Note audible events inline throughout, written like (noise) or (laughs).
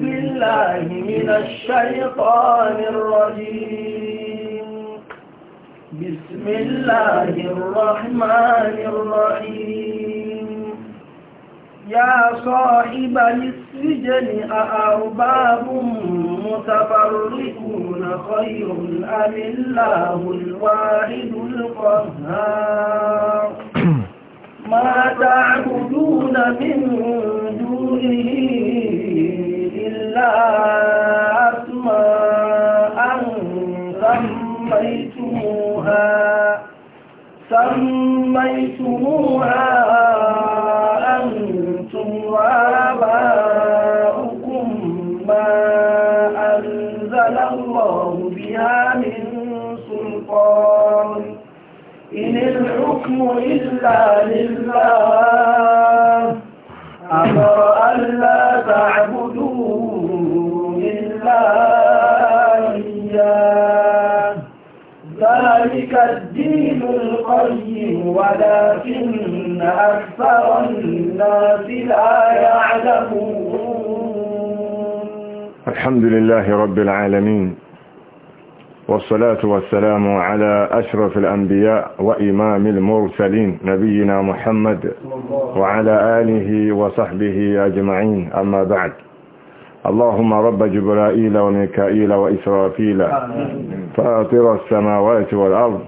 بالله من الشيطان الرجيم بسم الله الرحمن الرحيم يا صاحب السجن أأرباب متفرقون خير أم الله الواحد القهار (clears throat) ما تعبدون من دونه أسماء سميتموها سميتموها أنتم وآباؤكم ما أنزل الله بها من سلطان إن الحكم إلا لله ذلك الدين القيم ولكن أكثر الناس لا يعلمون الحمد لله رب العالمين والصلاة والسلام على أشرف الأنبياء وإمام المرسلين نبينا محمد وعلى آله وصحبه أجمعين أما بعد اللهم رب جبرائيل وميكائيل وإسرافيل فاطر السماوات والأرض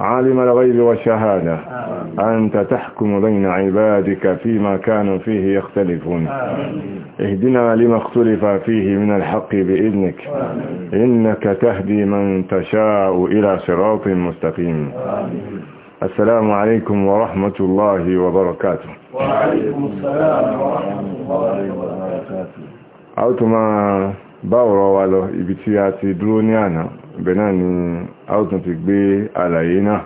عالم الغيب والشهادة أنت تحكم بين عبادك فيما كانوا فيه يختلفون اهدنا لما اختلف فيه من الحق بإذنك إنك تهدي من تشاء إلى صراط مستقيم السلام عليكم ورحمة الله وبركاته وعليكم السلام ورحمة الله وبركاته a ó tún máa bá ọ̀rọ̀ wa lọ ibi tí a ti dúró ní àná ibẹ̀ náà ni a ó tún ti gbé àlàyé náà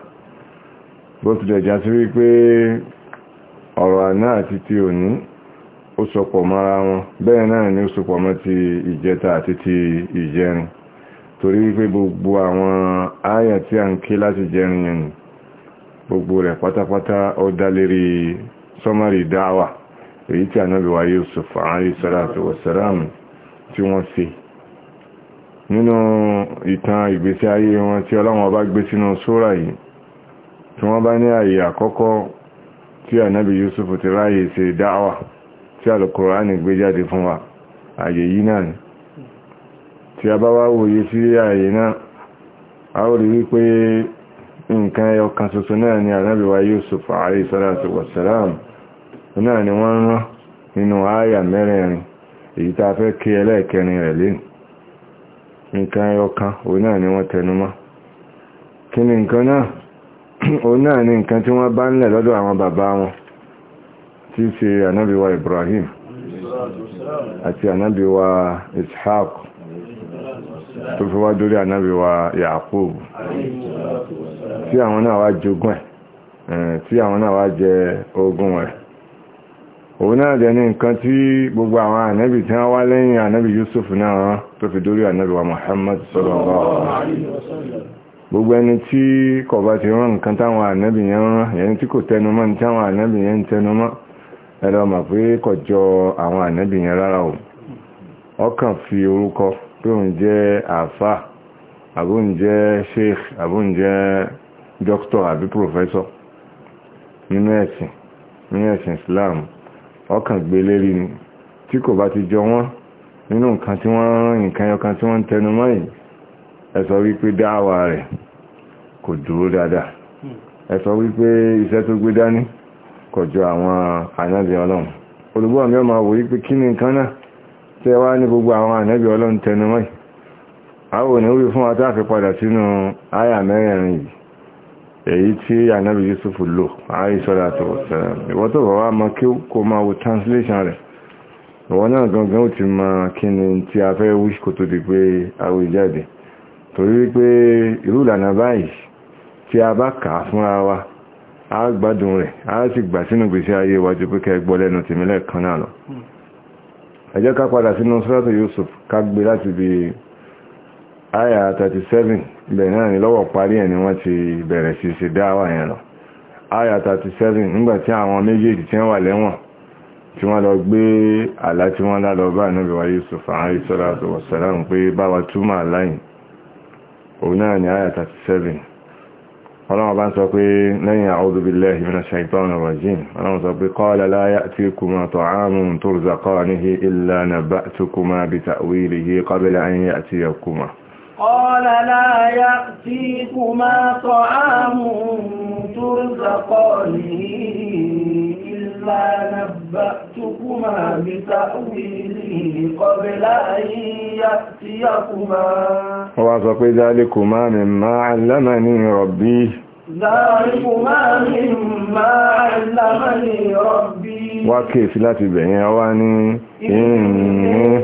bó ti dẹ̀já sí wípé ọ̀rọ̀ àná àti ti òní ó sọpọ̀ mara wọn bẹ́ẹ̀ náà ni ó sọpọ̀ mọ́ ti ìjẹta àti ti ìjẹrin torí wípé gbogbo àwọn áyà tí a ń ké láti jẹrin yẹn gbogbo rẹ̀ pátápátá ó dá lérí sọ́mọ́rì dáwà èyí tí ànábì wa Yusuf alayhi salatu wassalam tí wọ́n ṣe nínú ìtàn ìgbésí ayé wọn tí ọlọ́wọ́n bá gbé sínú sóra yìí tí wọ́n bá ní àyè àkọ́kọ́ tí ànábì Yusuf ti ráyè ṣe dáwà tí alùkùránì gbé jáde fún wa àyè yìí náà ni tí a bá wá wòye sí àyè náà a ó rí wípé nǹkan ẹyọ kan ṣoṣo náà ni ànábì Yusuf alayhi salatu wassalam náà ni wọ́n rán nínú àyà mẹ́rẹ̀ẹ̀rin èyí tá fẹ́ kí ẹlẹ́ẹ̀kẹrin rẹ̀ lé nǹkan ẹyọkan òun náà ni wọ́n tẹnumọ́ kí ni nǹkan náà (clears throat) òun náà ni nǹkan tí wọ́n bá ńlẹ̀ lọ́dọ̀ àwọn bàbá wọn tí í ṣe Ibrahim àti Ishaq tó fi wá dórí tí àwọn náà wá tí àwọn náà wá jẹ òun náà jẹ́ ní nǹkan tí gbogbo àwọn ànábì tí wọ́n wá lẹ́yìn Yusuf náà tó fi dórí wa Muhammad gbogbo ẹni tí kọba ti rán nǹkan táwọn ànábì yẹn rán ẹni tí kò tẹnumọ́ ní táwọn ànábì yẹn tẹnumọ́ ẹ̀rọ pé kò àwọn yẹn rárá o ọkàn fi orúkọ pé òun jẹ́ àfà àbóun jẹ́ sheikh àbóun jẹ́ Islam ọkàn gbé lérí ni tí kò bá ti jọ wọ́n nínú nǹkan tí wọ́n nǹkan ẹyọkan tí wọ́n ń tẹnu mọ́ yìí ẹ sọ wípé dáwà rẹ̀ kò dúró dáadáa ẹ sọ wípé iṣẹ́ tó gbé dání kò jọ àwọn ànábì ọlọ́run olùgbọ́ mi ọmọ wò wípé kí ni nǹkan náà tí ẹ wá ní gbogbo àwọn ànábì ọlọ́run tẹnu mọ́ yìí àwọn òní wí fún wa tá a fi padà sínú áyà mẹ́rẹ̀ẹ̀rin yìí èyí tí ànábì Yusuf lò àìsọ́lá tó sẹ́rẹ̀ ìwọ́n tó bọ̀wá ma kí kó máa wo translation rẹ̀ ìwọ́n náà gangan ó ti ma kí ni tí a fẹ́ wíṣ kò tó di pé awé jáde torí pé irú ìlànà báyìí tí a bá kà fúnra wa a gbádùn rẹ̀ a sì gbà sínú gbèsè ayé wájú pé kẹ́ gbọ́ lẹ́nu tèmílẹ̀ kan náà lọ ẹ ká padà sínú sọ́rọ̀tọ̀ Yusuf ká gbé láti bíi aya 37 ibẹ̀ náà ni lọ́wọ́ parí ẹ̀ ni wọ́n ti bẹ̀rẹ̀ sí ṣe dáwà yẹn lọ aya 37 nígbàtí àwọn méjèèjì tí wọ́n wà lẹ́wọ̀n tí wọ́n lọ gbé àlá tí wọ́n lálọ bá níbi wa Yusuf àárí sọ́lá wọ̀sálàmù pé bá túmọ̀ láyìn òun náà ni aya 37 ọlọ́wọ́n bá ń sọ pé lẹ́yìn a'udhu billahi minash shaitanir قال لا يأتيكما طعام ترزقانه إلا نبأتكما بتأويله قبل أن يأتيكما وأتقي ذلكما مما علمني ربي wá kéèsì láti bẹ̀ yẹn wá ní ìrìnrìn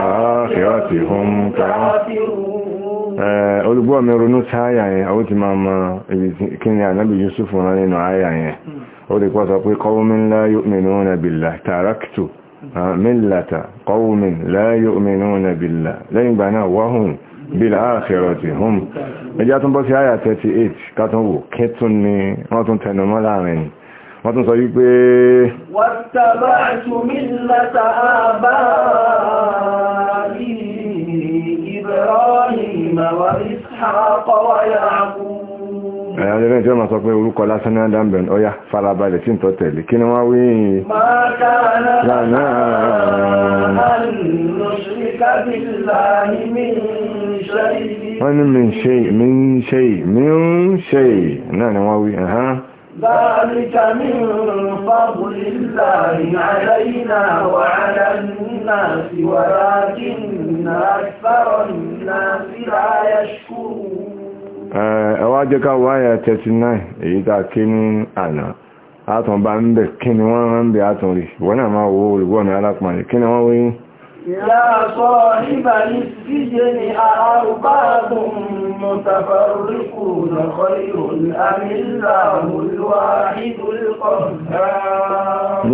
ààkìráàtì hún káà olùgbọ́ mi ronú sáàyà yẹn àwọn ti máa mọ̀ kí ni ànábì Yusuf rán nínú àyà yẹn ó lè pọ́ sọ pé qawmin la yu'minuna billah taraktu millata qawmin la yu'minuna billah lẹ́yìn ìgbà náà wahum bil akhirati hum ẹjá tún bọ́ sí àyà 38 kátún wò kí tún ni wọ́n tún tẹnumọ́ láàrin ni wọ́n tún sọ wípé wattaba'tu millata aba'i Ibrahima wa Ishaqa wa Ya'qub àwọn ẹgbẹ́ ìjọ́ ma sọ pé orúkọ lásán ní àdámbẹ̀ ọya farabalẹ̀ tí ń tọ́ tẹ̀lé kí ni wọ́n wí yìí lánàá wọ́n ní mi ń ṣe mi ń ṣe mi ń náà ni wọ́n wí ẹ̀hán ذلك ẹ wá jẹ́ ká wáyà 39 èyí tá kí ní àná átùn bá ń bẹ̀ kí ni wọ́n ń bẹ̀ átùn rí wọ́n náà máa wo olùgbọ́ mi alápàdé kí ni wọ́n wí mo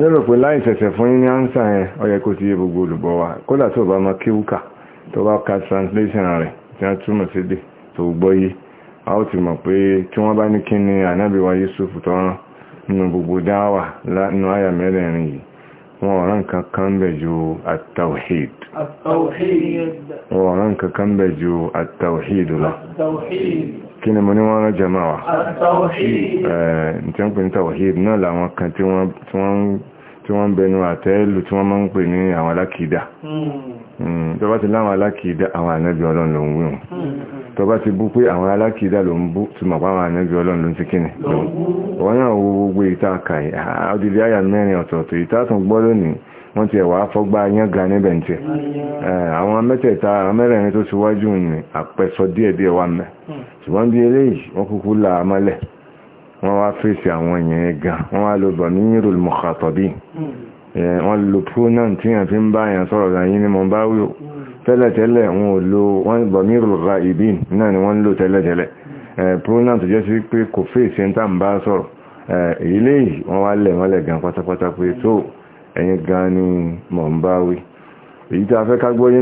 lérò pé láì fún yín ní ánsà yẹn ó kó ti yé gbogbo olùgbọ́ wa kódà tó bá máa tó bá ka translation rẹ̀ tí túmọ̀ sí dé tó a ó ti mọ̀ pé tí wọ́n bá ní kí ni wa Yusuf tọ́rán nínú gbogbo dáwà nínú àyà mẹ́rẹ̀ẹ̀rin yìí wọ́n ọ̀rán kankan bẹ̀ ju at wọ́n ọ̀rán kankan bẹ̀ ju at lọ kí ni mo ní wọ́n rán jama wa náà làwọn kan tí wọ́n bẹnu àtẹ́lù tí wọ́n máa ń pè ní àwọn alákìídà hmm. hmm. tó bá ti láwọn tó bá ti bú pé àwọn alákìídà ló ń bú tí mọ̀ pàwọn ànábì ọlọ́run ló ń ti kíni wọ́n náà wo gbogbo ìta kàí àdìdí àyà mẹ́rin ọ̀tọ̀ọ̀tọ̀ ìta tún gbọ́ lónìí wọ́n ti ẹ̀wà afọ́gbá yángá níbẹ̀ ń tẹ́ àwọn mẹ́tẹ̀ẹ̀ta mẹ́rẹ̀rin tó síwájú ní àpẹsọ díẹ̀díẹ̀ wà mẹ́ ṣùgbọ́n bí eléyìí wọ́n kúkú là á hmm. pronoun tí yàn fi ń bá yàn sọ̀rọ̀ yàn ni mo bá wíwò tẹ́lẹ̀tẹ́lẹ̀ wọn ò lo wọ́n bọ̀mírù ghaibin náà ni wọ́n ń lò tẹ́lẹ̀tẹ́lẹ̀ pronoun tó jẹ́ sí pé kò fèsì ń tàn bá sọ̀rọ̀ ilé wọ́n wá lẹ̀ wọ́n lẹ̀ gan pátápátá pé tó ẹ̀yin gan ni mọ̀ ń bá wí èyí tí a fẹ́ ká gbọ́ ni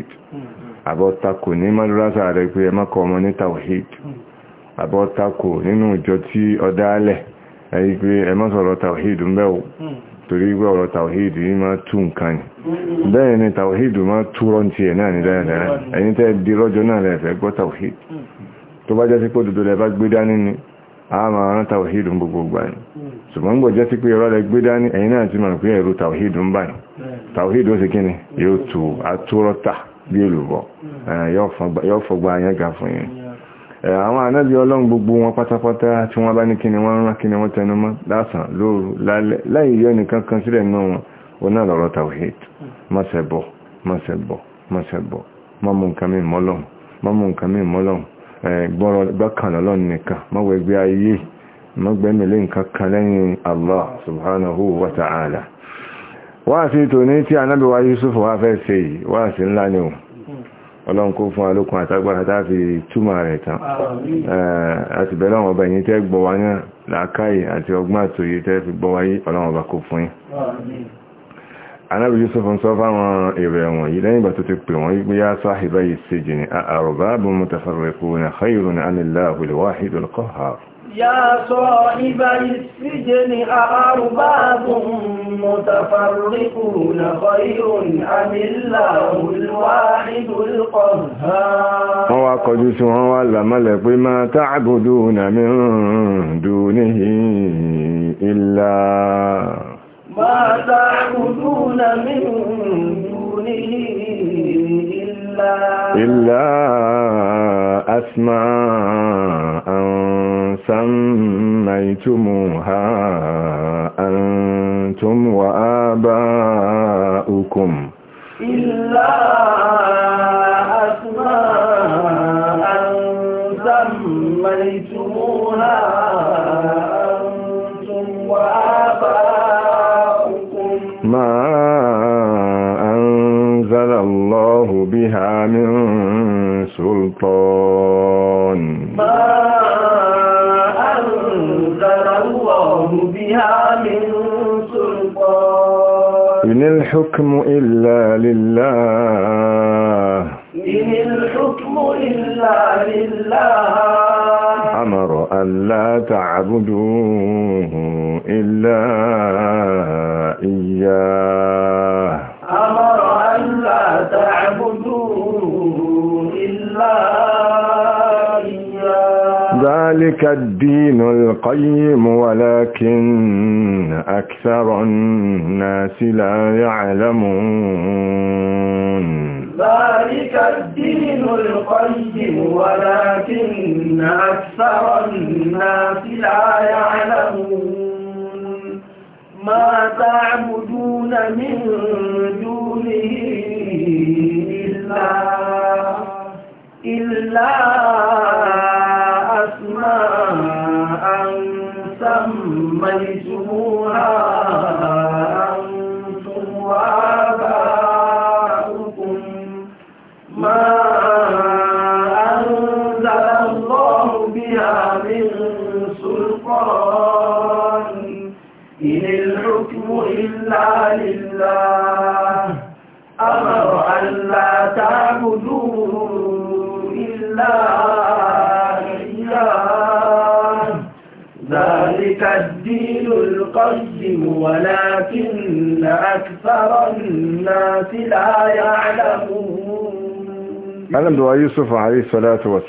pé àbọ́takò ní madrasa rẹ̀ pé ẹ mọ́kọ̀ ọmọ ní tawhid àbọ́takò nínú ìjọ tí ọdá alẹ̀ ẹ̀yí pé ẹ mọ́ sọ̀rọ̀ tawhid ń bẹ́wò torí pé ọ̀rọ̀ tawhid yìí máa tú nǹkan ni bẹ́ẹ̀ ni tawhid máa túrọ́ ti ẹ̀ náà ní dáadáa ẹ̀yìn tẹ́ di lọ́jọ́ náà ni a máa rán tawhid ń gbogbo gbà ni ṣùgbọ́n gbọ́ jẹ́ sí pé ọ̀rọ̀ lẹ gbé dání ẹ̀yìn bi olùbọ̀ hmm. eh, yóò fọgbà ayẹ́ ga fún yín eh, àwọn ànábì ọlọ́run gbogbo wọn pátápátá tí wọ́n bá ní kí ni wọ́n rán kí ni wọ́n tẹnumọ́ lásán lóru lálẹ́ láì yọ nìkan kan sílẹ̀ náà wọn wọn náà lọ́rọ̀ tawhid hmm. má ṣẹbọ má ṣẹbọ má ṣẹbọ má mú nǹkan mi mọ́lọ́run má nǹkan mi mọ́lọ́run eh, gbọ́rọ̀ gbọ́kàn lọ́lọ́run nìkan ayé nǹkan kan lẹ́yìn Allah subhanahu wa ta'ala wá sí tòní tí ànábì wa Yusuf wá fẹ́ ṣe yìí wá sí ńlá ni o ọlọ́run kó fún alókun àtagbára tá fi túmọ̀ rẹ̀ tán àti bẹ̀rẹ̀ ọmọ ọba yìí tẹ́ gbọ́ wa náà làákàyè àti ọgbọ́n àtòyí tẹ́ fi gbọ́ yí yá يا صاحب السجن أأرباب متفرقون خير أم الله الواحد القهار wọ́n wá kọjú sí wọ́n wá làmọ́lẹ̀ pé ما تعبدون من دونه إلا ما تعبدون من دونه إلا أسماء سميتموها أنتم وآباؤكم إلا أسماء سميتموها أنتم وآباؤكم بها من سلطان ما أنزل الله بها من سلطان إن الحكم إلا لله إن الحكم إلا لله أمر أن لا تعبدوه إلا إياه أمر أن لا تعبدوه ذلك الدين القيم ولكن أكثر الناس لا يعلمون ذلك الدين القيم ولكن أكثر الناس لا يعلمون ما تعبدون من دونه إلا إلا أسماء سميتموها أنتم وآباؤكم Alamduwa Yusuf alayhi salatu wa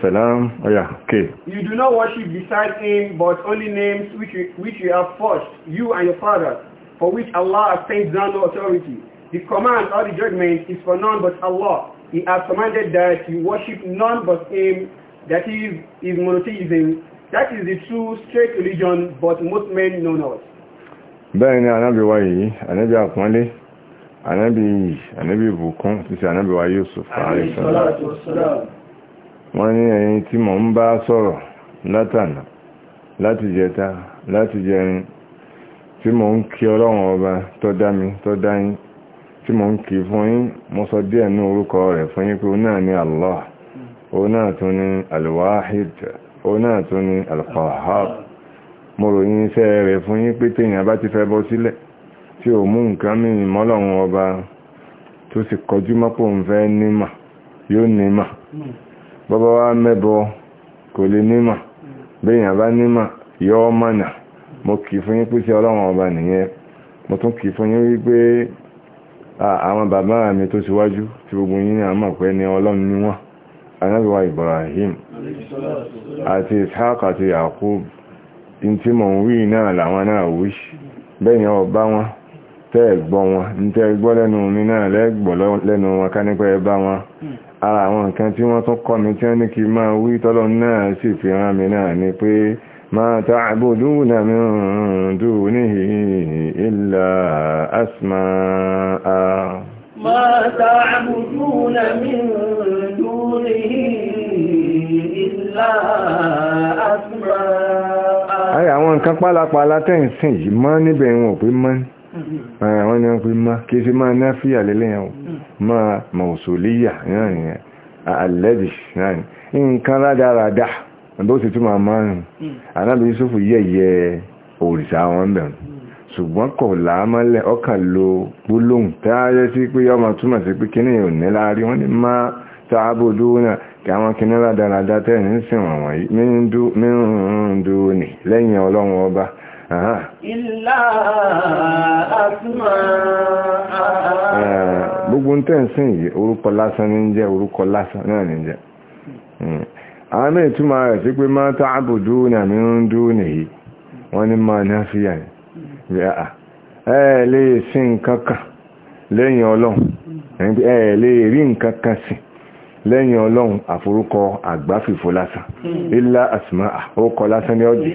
Oh yeah, okay. You do not worship beside him, but only names which you, which you have forged, you and your fathers, for which Allah has sent down no authority. The command or the judgment is for none but Allah. He has commanded that you worship none but him, that is, is monotheism. That is the true straight religion, but most men know not. Bẹ́ẹ̀ni, Anábíwá yìí, Anábí Àpọ́nlé, anabi yìí ànábì ìbùkún títí ànábì wa Yusuf wọ́n ni eyin ti mo n ba soro latana lati jeta lati jerin ti mò n kí ọlọ́run ọba tó da mi tó da yín ti n kí mo sọ díẹ̀ ní orúkọ ọrụ fún yín pé o naa ni Allah o naa ní alwahid o naa ní mo rẹ̀ pé ti bọ́ tí o mú nǹkan mìíràn mọ́lọ́run ọba tó sì kọjú mọ́pò ń fẹ́ nímà yóò nímà bọ́bá wá mẹ́bọ kò lè nímà béèyàn bá nímà yọ́ mo kì fún ọlọ́run ọba nìyẹn mo tún kì fún yín wípé àwọn bàbá mi tó síwájú tí gbogbo yín ní pé ni ọlọ́run ní Ibrahim àti Ishaq àti Yakub mò ń wí náà làwọn ọba wọn tẹ́ gbọ́ wọn ní tẹ́ gbọ́ lẹ́nu mi náà lẹ́gbọ́ lẹ́nu wọn ká nípa ẹbá wọn hmm. ara àwọn nǹkan tí wọ́n tún kọ́ mi tí wọ́n ní kí máa wí tọ́lọ náà sì fi rán mi náà ni pé ma ta'buduna min dunihi illa asma'a ma ta'buduna nǹkan pálapàla tẹ́ ń yìí mọ́ níbẹ̀ wọn pé mọ́ ní àwọn eh, ni wọ́n fi má kí fi máa náfíà lélẹ̀ yẹn máa mausuliya náà nìyẹn alẹ́bì náà ni nǹkan rádáradá bó sì tún máa máa rùn anábì Yúsúfù yẹ̀yẹ òrìṣà wọn bẹ̀rù ṣùgbọ́n kò láàmọ́lẹ̀ ọkàn lo gbólóhùn tààyẹ sí pé ọmọ túnmọ̀ sí pé kíní ò ní láàrí wọ́n ni máa tààbòdó náà kí àwọn kíní rádáradá tẹ́ẹ̀ ní sìn wọ̀n wọ̀nyí mí ń dú ní lẹ́yìn ọlọ́run ọba Ah, gbogbo ń tẹ́ǹsìn yìí orúkọ lásán ní jẹ́ orúkọ lásán náà ní jẹ́ hmm. àwọn náà túnmà rẹ̀ sí pé máa tó àbòdó náà mi ń dó nìyí wọ́n ní máa ní àfíyà ní ẹ̀ẹ́ lè lẹ́yìn ọlọ́run lẹ́yìn ọlọ́run àforúkọ àgbáfìfò lásán hmm. ilá àsìmá àkókọ lásán ní ọjì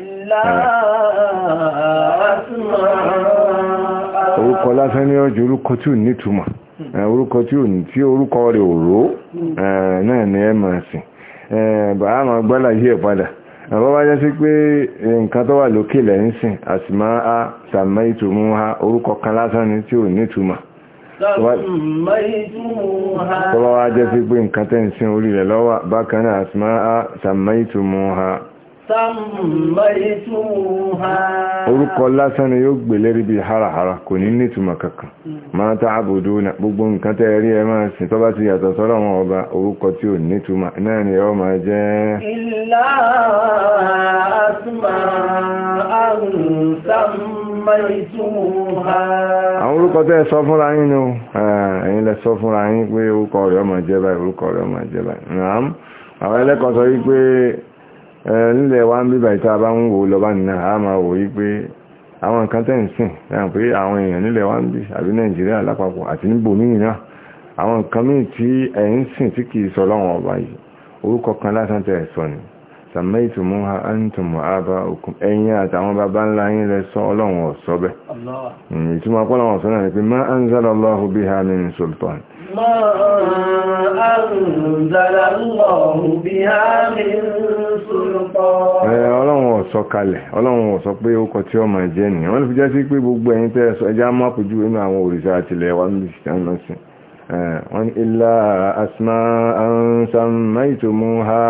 orúkọ ah. lásán ní ọjì orúkọ tí ò nítumọ̀ hmm. eh, orúkọ tí ò ní tí orúkọ rẹ̀ òró hmm. eh, náà ni ẹ máa eh, bàá máa yí ẹ̀ padà bá jẹ́ sí pé nǹkan tó wà lókè lẹ́yìn sìn àsìmá a sàmẹ́ ìtùmú ha orúkọ kan lásán tọ́wọ́ wá jẹ́ sí pé nǹkan tẹ́ ń sin orí rẹ̀ lọ́wọ́ bákan náà asma'a sammaytumuha orúkọ lásán ni yóò gbè lérí bí harahara kò ní nítumọ̀ kankan máa ta àbòdó na gbogbo nǹkan tẹ́ rí ẹ máa sin tọ́bá ti yàtọ̀ sọ́rọ̀ wọn ọba orúkọ tí ò nítumọ̀ náà ni ọ máa jẹ́ àwọn orúkọ tẹ́ sọ fúnra yín ni eh, lẹ sọ fúnra yín pé orúkọ rẹ̀ jẹ́ báyìí orúkọ rẹ̀ jẹ́ báyìí Eh, nílẹ̀ wa ń bíbà ìta bá ń lọ́bá nìna a máa wò yí pé àwọn nǹkan tẹ́ǹsìn náà pé àwọn èèyàn nílẹ̀ wa ń bí àbí nàìjíríà lápapọ̀ àti níbò àwọn nǹkan míì ọba yìí orúkọ kan lásán tẹ́ sọ ni sàmẹ́ìtì mú ha àbá òkun ẹ̀yìn àtàwọn bàbá ńlá yín lẹ sọ ọlọ́wọ́n ọ̀sọ́ bẹ́ẹ̀ hmm, ìtumọ̀ pọ́lọ́wọ́n náà ni pé má sultan ما أنزل الله بها من سلطان ọlọ́run ò sọ kalẹ̀ ọlọ́run ò sọ pé ó kọ tí ọmọ ẹ̀jẹ́ ni wọ́n fi jẹ́ sí pé gbogbo ẹ̀yin tẹ́ ẹ̀sọ ẹjá máa pòjú inú àwọn òrìṣà àtìlẹ̀ wà ní ìṣẹ́lọ́sìn wọ́n ilá asmá ha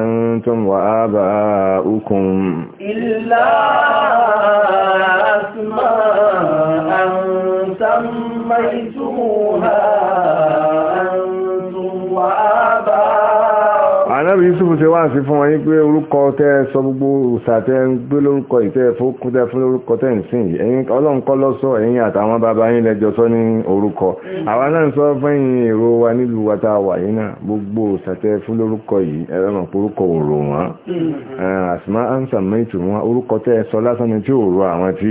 antum wa aba'ukum فذوقوها anábì Yusuf ṣe wá sí fún wọn yí pé orúkọ tẹ́ sọ gbogbo òsàtẹ́ ń gbé lórúkọ ìtẹ́ fókún tẹ́ fún lórúkọ tẹ́ ń sìn ẹ̀yin ọlọ́nkọ́ lọ́sọ ẹ̀yin àtàwọn bàbá yín lẹ́jọ sọ ní orúkọ àwa náà sọ fún ẹ̀yin èrò wa nílùú wa tá a wà yìí náà gbogbo òsàtẹ́ fún lórúkọ yìí ẹ̀rọ mọ̀ pé orúkọ òrò wọn mm-hmm. eh, àsìmá ansa méjì wọn orúkọ tẹ́ sọ lásán ni tí òrò àwọn tí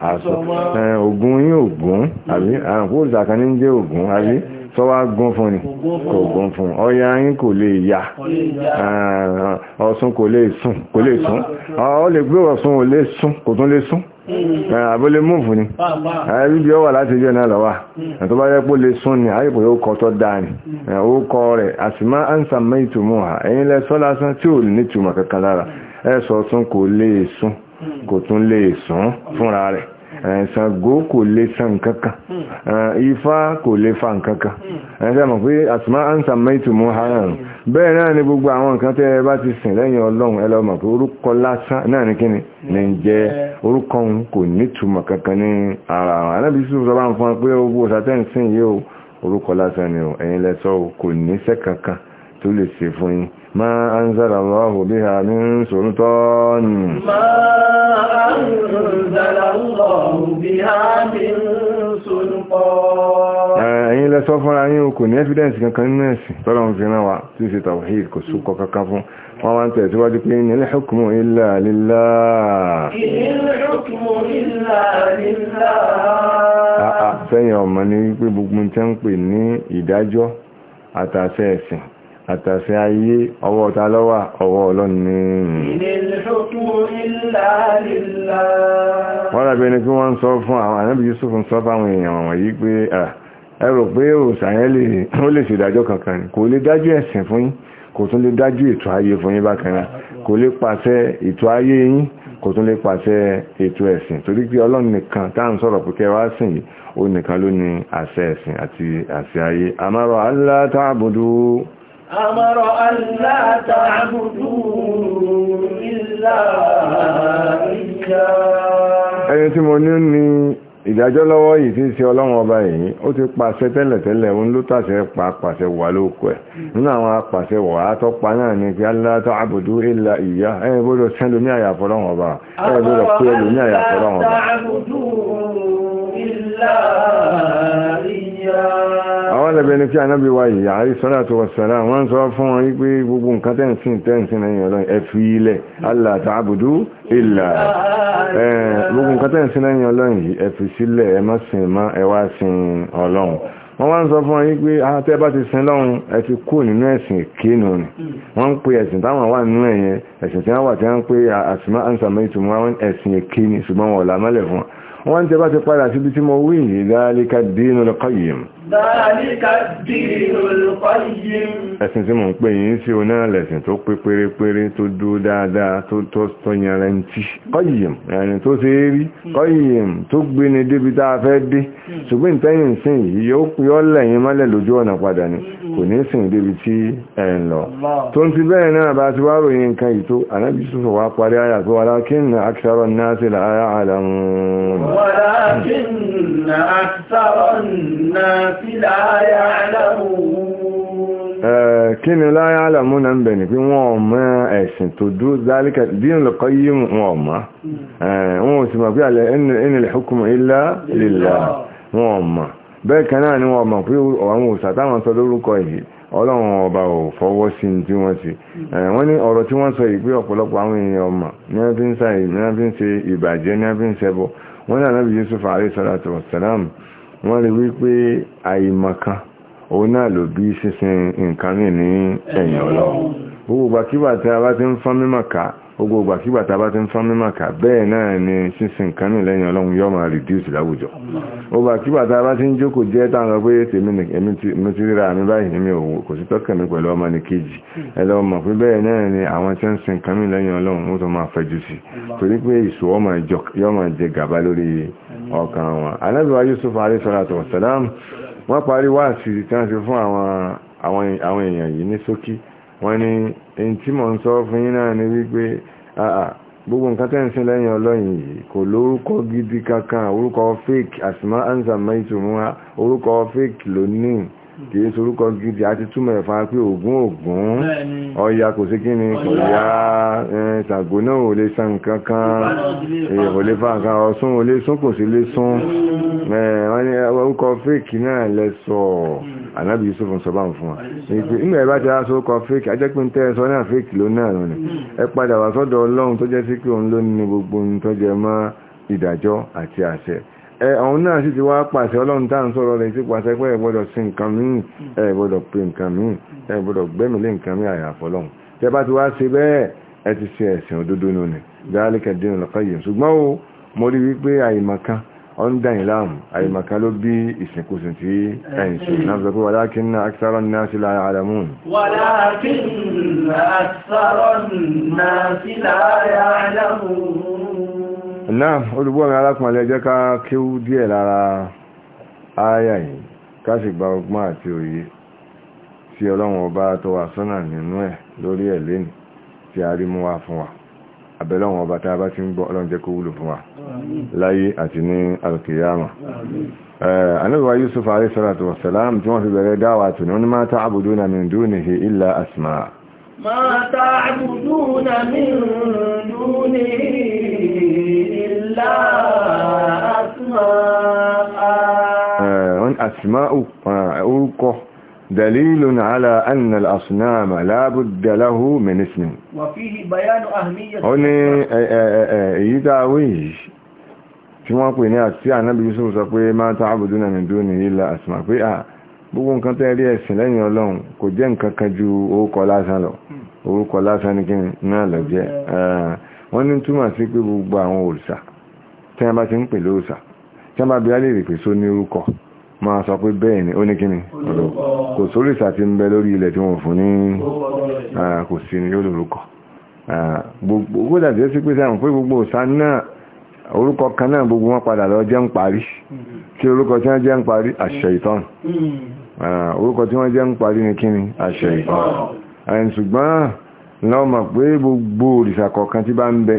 a sọ eh, ògùn yín ògùn àbí mm-hmm. àwọn sọ wá gún fún ni kò gún fún ọya yín kò lè yá ah, ọ̀sùn kò lè sùn kò lè sùn ọ ah, lè gbé ọ̀sùn ò lè sùn kò tún lè sùn mm-hmm. ah, àbólé múùfù ni ẹbí ọwà láti jẹ́ náà lọ́wà mm. tó bá yẹ pó lè sún ni àyíkò yóò kọ tó dáa ni mm. ó rẹ̀ àsìmá ánsà mẹ́ìtù mú ṣàngó eh, kò lè san kankan hmm. eh, ifá kò le fa nkankan hmm. eh, ẹ̀ṣẹ́ mọ̀ pé àtìmá ansa mẹ́tù mú haram hmm. bẹ́ẹ̀ náà ni gbogbo àwọn nǹkan tẹ́ bá ti sìn lẹ́yìn ọlọ́run mọ̀ pé orúkọ lásán náà ní kíni ní jẹ́ orúkọ kò nítumọ̀ kankan ní ara àwọn ما أنزل الله بها من سلطان ما أنزل الله بها من سلطان ẹ̀yin fún ayín okò ní evidence kankan nínú ẹ̀sìn tọ́lọ̀un fi náà wà tí ó ṣe tawhid kò súkọ kankan fún wọ́n wá ń tẹ̀síwájú pé ní ilé hukmu illa lillah àà ah, ah, sẹ́yìn ọmọ ní àtàṣẹ ayé ọwọ́ ọ̀ta lọ́wà ọwọ́ ọlọ́ni wọ́n rábẹ́ ni kí wọ́n sọ fún àwọn ànábì Yusuf ń sọ fáwọn èèyàn wọ̀nyí pé ẹ rò pé òsàyẹ́ lè ṣèdájọ́ kankan kò lè fún yín kò tún lè pàṣẹ ètò ẹ̀sìn torí pé ọlọ́run nìkan tá ń sọ̀rọ̀ pé kẹwàá sìn yìí ó nìkan ló ní àṣẹ ẹ̀sìn àti àṣẹ ayé àmọ́rọ̀ aláàtàbùdó أمر أن لا تعبدوا إلا إياه ẹni tí mo ní ní ìdájọ́ lọ́wọ́ yìí tí ń ṣe ọlọ́run ọba yìí ó ti pàṣẹ tẹ́lẹ̀tẹ́lẹ̀ òun ló tàṣẹ pa pàṣẹ wà lóko ẹ̀ nínú àwọn apàṣẹ wà á tọ́ pa náà ni kí aláàtọ̀ àbùdú ìlà ìyá ẹ̀ gbọ́dọ̀ sẹ́lò ní àyàfọ́ ọlọ́run ọba ẹ̀ gbọ́dọ̀ pé ẹlò ní àyàfọ́ ọlọ́run ọba ìlà gbogbo nǹkan tẹ́ ń sin lẹ́yìn ọlọ́run yìí ẹ fi sílẹ̀ ẹ má sìn mọ́ ẹ wá sin ọlọ́run wọ́n wá ń sọ fún yín pé àtẹ́ bá ti sin lọ́run ẹ ti kú nínú ẹ̀sìn kéènù ni hmm. wọ́n ń pe ẹ̀sìn táwọn wà nínú ẹ̀yẹn ẹ̀sìn tí wọ́n wà tí wọ́n ń pe àsìmọ́ àǹsàmọ́ ìtumọ̀ wọn ẹ̀sìn èké ni ṣùgbọ́n wọn ò lámọ́lẹ̀ fún wọn wọ́n ń tẹ́ bá ti padà síbi tí mo wí ìdálẹ́ka lọ́kọ̀ yìí ẹ̀sìn tí mò ń pè yín sí oná lẹ̀sìn tó pé pérépéré tó dúró dáadáa tó tọ́ tó yẹrẹ ń tí kọ́yìm ẹ̀rìn tó ṣe é rí hmm. kọ́yìm tó gbé ni débi tá a fẹ́ dé hmm. ṣùgbọ́n ìtẹ́yìn sìn yìí yóò lẹ̀yìn mọ́lẹ̀ lójú ọ̀nà padà ni hmm. kò ní sìn débi tí ẹ̀ ń lọ tó ń ti bẹ́ẹ̀ náà bá ti wá ròyìn nǹkan yìí tó ànábì sùfọ̀ wá parí àyà tó wàlá kí kí ni láyé alàmúnà ń bẹ̀ ní pé wọ́n ọmọ ẹ̀sìn tó dú zálíkà dínú lọ́kọ́ yí wọn ọmọ wọn ò sì mọ̀ pé alẹ́ ẹni lè hukumu ilá lílá wọn ọmọ bẹ́ẹ̀ kan náà ni wọn ọmọ pé àwọn òsà táwọn sọ lórúkọ yìí ọlọ́run ọba ò fọwọ́ sí tí wọ́n ti wọ́n ní ọ̀rọ̀ tí wọ́n sọ yìí pé ọ̀pọ̀lọpọ̀ àwọn èèyàn ọmọ ní wọ́n fi ń ṣe ìbàjẹ́ ní wọ́n fi ń ṣẹbọ wọ́n ní ànábì Yusuf alayhi salatu wassalam wọ́n rí wípé àìmọ̀kan òun náà ló bí sísin nǹkan ní ẹ̀yìn ọlọ́run gbogbo gbàkígbà tí a bá ti ń fọ́n mímọ̀ ká gbogbo ìgbàkígbà tá a bá ti ń fán mímọ̀ kà bẹ́ẹ̀ náà ni sísìn kan ní lẹ́yìn ọlọ́run yóò máa reduce láwùjọ gbogbo ìgbàkígbà tá a bá ti ń jókòó jẹ́ táwọn pé tèmi mi ti ríra mi báyìí ní mi ò kò sí tọ́kẹ̀ pẹ̀lú ọmọ ní kejì ẹlọ́ pé bẹ́ẹ̀ náà ni àwọn tí ń sin kan ní lẹ́yìn ọlọ́run ó tó máa fẹjú sí torí pé ìṣó ọmọ jẹ gàba lórí ọkàn wọn anábìwá Yusuf alayhi salatu wassalam wọ́n parí wáàsí tí wọ́n ti fún àwọn èèyàn yìí wani ní èyí tí mò ń sọ fún yín ni wípé àà gbogbo nǹkan tẹ́ ń sin lẹ́yìn ọlọ́yìn yìí kò lórúkọ gidi kankan orúkọ fake asma ansa maitumuha orúkọ fake lónìí kìí sorúkọ gidi àti túmọ̀ ẹ̀fà pé ògún ògún ọya kò sí kíni ọ̀yá ṣàgbó náà ò lè san nǹkan kan ò lè fa nǹkan ọ̀sún ò lè sún kò sí lè sún mm. orúkọ fèkì náà lẹ́sọ̀ mm. ànábì Yusuf ń sọ́bà fún wa nígbà ẹ̀bá ti aṣọ orúkọ fèkì ajẹ́pín tẹ́ ẹ̀sọ́ náà fèkì ló náà rọ̀ ni mm. ẹ padà wá sọ́dọ̀ Ọlọ́run tó jẹ́ sí pé òun ló ní gbogbo ohun tó jẹ mọ́ ìdájọ́ àti àṣẹ ọ̀hun náà sì ti wá pàṣẹ ọlọ́run tá ń sọ̀rọ̀ rẹ̀ sí pàṣẹ pé ẹ gbọ́dọ̀ sí nǹkan míì ẹ gbọ́dọ̀ pè nǹkan míì ẹ gbọ́dọ̀ gbẹ́mìlé nǹkan míì àyàfọ́lọ́run tẹ bá ti wá ṣe bẹ́ẹ̀ ẹ ti ṣe ẹ̀sìn òdodo nù ní dáálẹ́kẹ̀ dínú lọ́kọ́ yìí ṣùgbọ́n o mo rí wípé àìmọ̀kan ọ ń dàn yín láàmú àìmọ̀kan ló bí náà olùgbọ́ mi alákùnrin jẹ́ ká kíw díẹ̀ lára ááyà yìí ká sì gba ọgbọ́n àti òye tí ọlọ́run ọba tó wà sọ́nà nínú ẹ̀ lórí ẹ̀ lẹ́nì tí a rí mú wá fún wa abẹ́lọ́run ọba tá a bá ti ń gbọ́ ọlọ́run jẹ́ kó wúlò fún wa láyé àti ní alkiyama anábíwá yusuf alayhi salatu أسماء أرقه دليل على أن الأصنام لا بد له من اسم وفيه بيان أهمية هنا يدعويش tí wọ́n pè ní àti ànábì Yusuf sọ pé máa ta àbùdúnà min dunihi illa asma pé à ah, gbogbo nǹkan tẹ́ rí ẹ̀sìn lẹ́yìn ọlọ́run kò jẹ́ nǹkan kan ju orúkọ lásán lọ hmm. orúkọ lásán ní kí náà lọ jẹ́ ah, wọ́n ní túmọ̀ sí pé gbogbo àwọn òrìṣà tí wọ́n bá ti ń pè lóòsà tí wọ́n bá bí alẹ́ ìrìpè só ní orúkọ máa sọ pé bẹ́ẹ̀ ni ó ní kíni kò sórìṣà ti ń bẹ lórí ilẹ̀ tí wọ́n fún ní kò sí ní olórúkọ gbogbo dàbí ó sì pé sáà pé gbogbo òsà náà orúkọ kan náà gbogbo wọn padà lọ jẹ́ ń parí mm-hmm. kí orúkọ tí wọ́n jẹ́ ń parí àṣẹ mm-hmm. ìtọ́n mm-hmm. orúkọ tí wọ́n jẹ́ ń parí ní kíni àṣẹ ìtọ́n ṣùgbọ́n lọ́mọ̀ pé gbogbo òrìṣà kọ̀ọ̀kan tí bá ń bẹ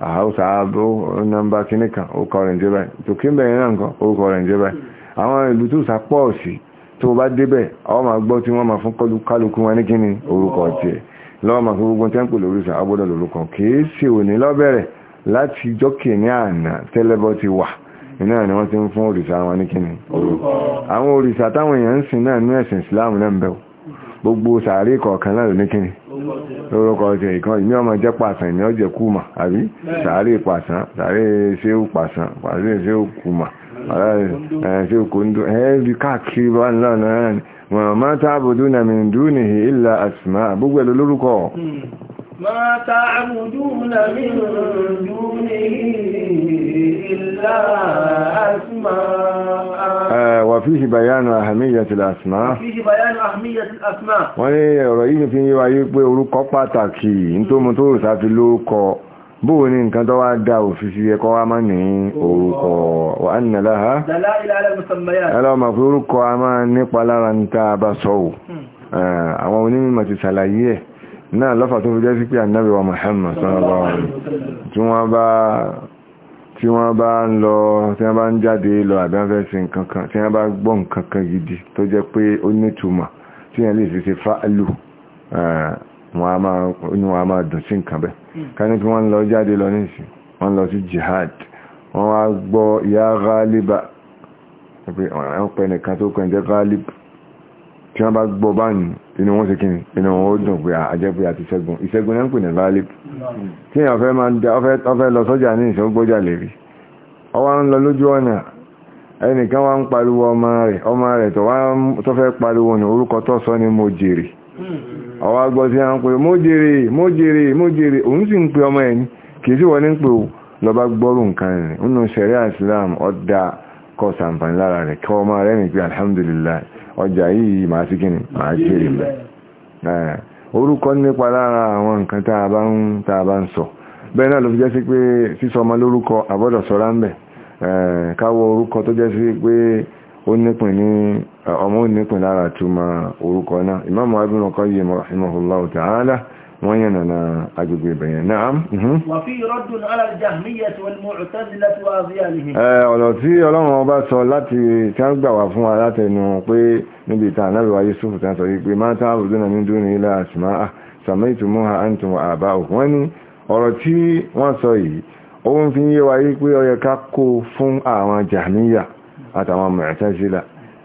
àhàúsà ààbò nọmbà kìnnìkan orúkọ rẹ̀ ń jẹ́ báyìí tòkí ń bẹ̀rẹ̀ náà nǹkan orúkọ rẹ̀ ń jẹ́ báyìí àwọn ìlú tó sà pọ̀ sí tó bá débẹ̀ ọ máa gbọ́ tí wọ́n máa fún kálukú wọn ní kíni orúkọ tiẹ̀ lọ́wọ́ máa fún gbogbo tẹ́ǹpù lórúsà agbọ́dọ̀ lórúkọ kìí ṣe òní lọ́bẹ̀rẹ̀ láti jọ́kè ní àná tẹ́lẹ́bọ́ ti wà iná ni wọ́n ti ń fún òrìṣà wọn ní kíni orúkọ àwọn òrìṣà táwọn èèyàn ń sìn náà ní ẹ̀sìn Islam náà ń bẹ̀wò gbogbo sàárè kọ̀ọ̀kan náà ló ní kíni lórúkọ jẹ ìkan ìmí ọmọ jẹ́ pàṣán ìmí ọjẹ́ kùmà àbí sàárè pàṣán sàárè ṣéwù pàṣán kòndó káàkiri bá nàmìndú nìhì ìlà ما تعبدون من دونه إلا أسماء وفيه بيان أهمية الأسماء وفيه بيان أهمية الأسماء wọ́n ní ọ̀rọ̀ yìí fi yíwa yí pé orúkọ pàtàkì nítorí tó sàfi lórúkọ bóò ní nǹkan tó wá dá òfìsí ẹkọ́ wá máa ní orúkọ wà ní láha ẹlọ́mà pé orúkọ a máa nípa lára ń ta bá sọ́wọ́ hmm. eh, àwọn onímọ̀ ti sàlàyé ẹ̀ náà lọ́fà tó fi jẹ́ sí pé ànábì wa Muhammad sallallahu alaihi tí wọ́n bá tí wọ́n bá ń lọ tí wọ́n bá ń jáde lọ àbẹ́fẹ́sìn kankan tí wọ́n bá gbọ́ nǹkankan gidi tó jẹ́ pé ó nítumọ̀ tí wọ́n lè fi ṣe fáàlù wọn a máa dùn sí nǹkan bẹ́ ká ní kí wọ́n lọ jáde lọ níṣì wọ́n lọ sí jihad wọ́n wá gbọ́ ya ghaliba wọ́n pẹ́ nìkan tó tí wọ́n bá gbọ́ báyìí inú wọn ṣe kí ni inú wọn ó dùn pé àjẹpẹ́ àti ìṣẹ́gun ìṣẹ́gun náà ń pè ní lálẹ́ tí èèyàn fẹ́ máa da ọfẹ́ lọ sọ́jà ní ìṣẹ́gun gbọ́jà lèrí ọwọ́ ń lọ lójú ọ̀nà ẹnìkan wá ń pariwo ọmọ rẹ̀ ọmọ rẹ̀ tó fẹ́ pariwo ní orúkọ tó sọ ní mo jèrè ọwọ́ gbọ́ sí à ń pè mo jèrè mo òun sì ń pe ọmọ ẹni kì í sì wọ́n ní pé lọ bá gbọ́rù nǹkan rẹ̀ nínú sẹ̀rí alhamdulillah ọjà yìí máa sí kí ni máa jèrè mẹ́ orúkọ nípa lára àwọn nǹkan tá a bá ń tá a bá ń sọ bẹ́ẹ̀ náà ló fi jẹ́ sí pé sísọ ọmọ lórúkọ àbọ́dọ̀ sọ́ra ń bẹ̀ káwọ orúkọ tó jẹ́ sí pé ó nípìn ní ọmọ ó nípìn lára túmọ̀ orúkọ náà Imam Ibn Qayyim rahimahullahu ta'ala wọ́n yẹn nana agbègbè ìbẹ̀yẹn náà. ọ̀rọ̀ tí ọlọ́run ọba sọ láti tí a ń gbà wá fún wa látẹnu pé níbi ìta ànábìwá Yusuf tán sọ wípé máa tá àbùdó náà ní dúró ní ilé àsìmá sàmì ìtumọ̀ àǹtùn àbá òkú wọ́n ní ọ̀rọ̀ tí wọ́n sọ yìí ó ń fi yé wa pé ó ká kó fún àwọn jàmíyà àtàwọn Mu'tazila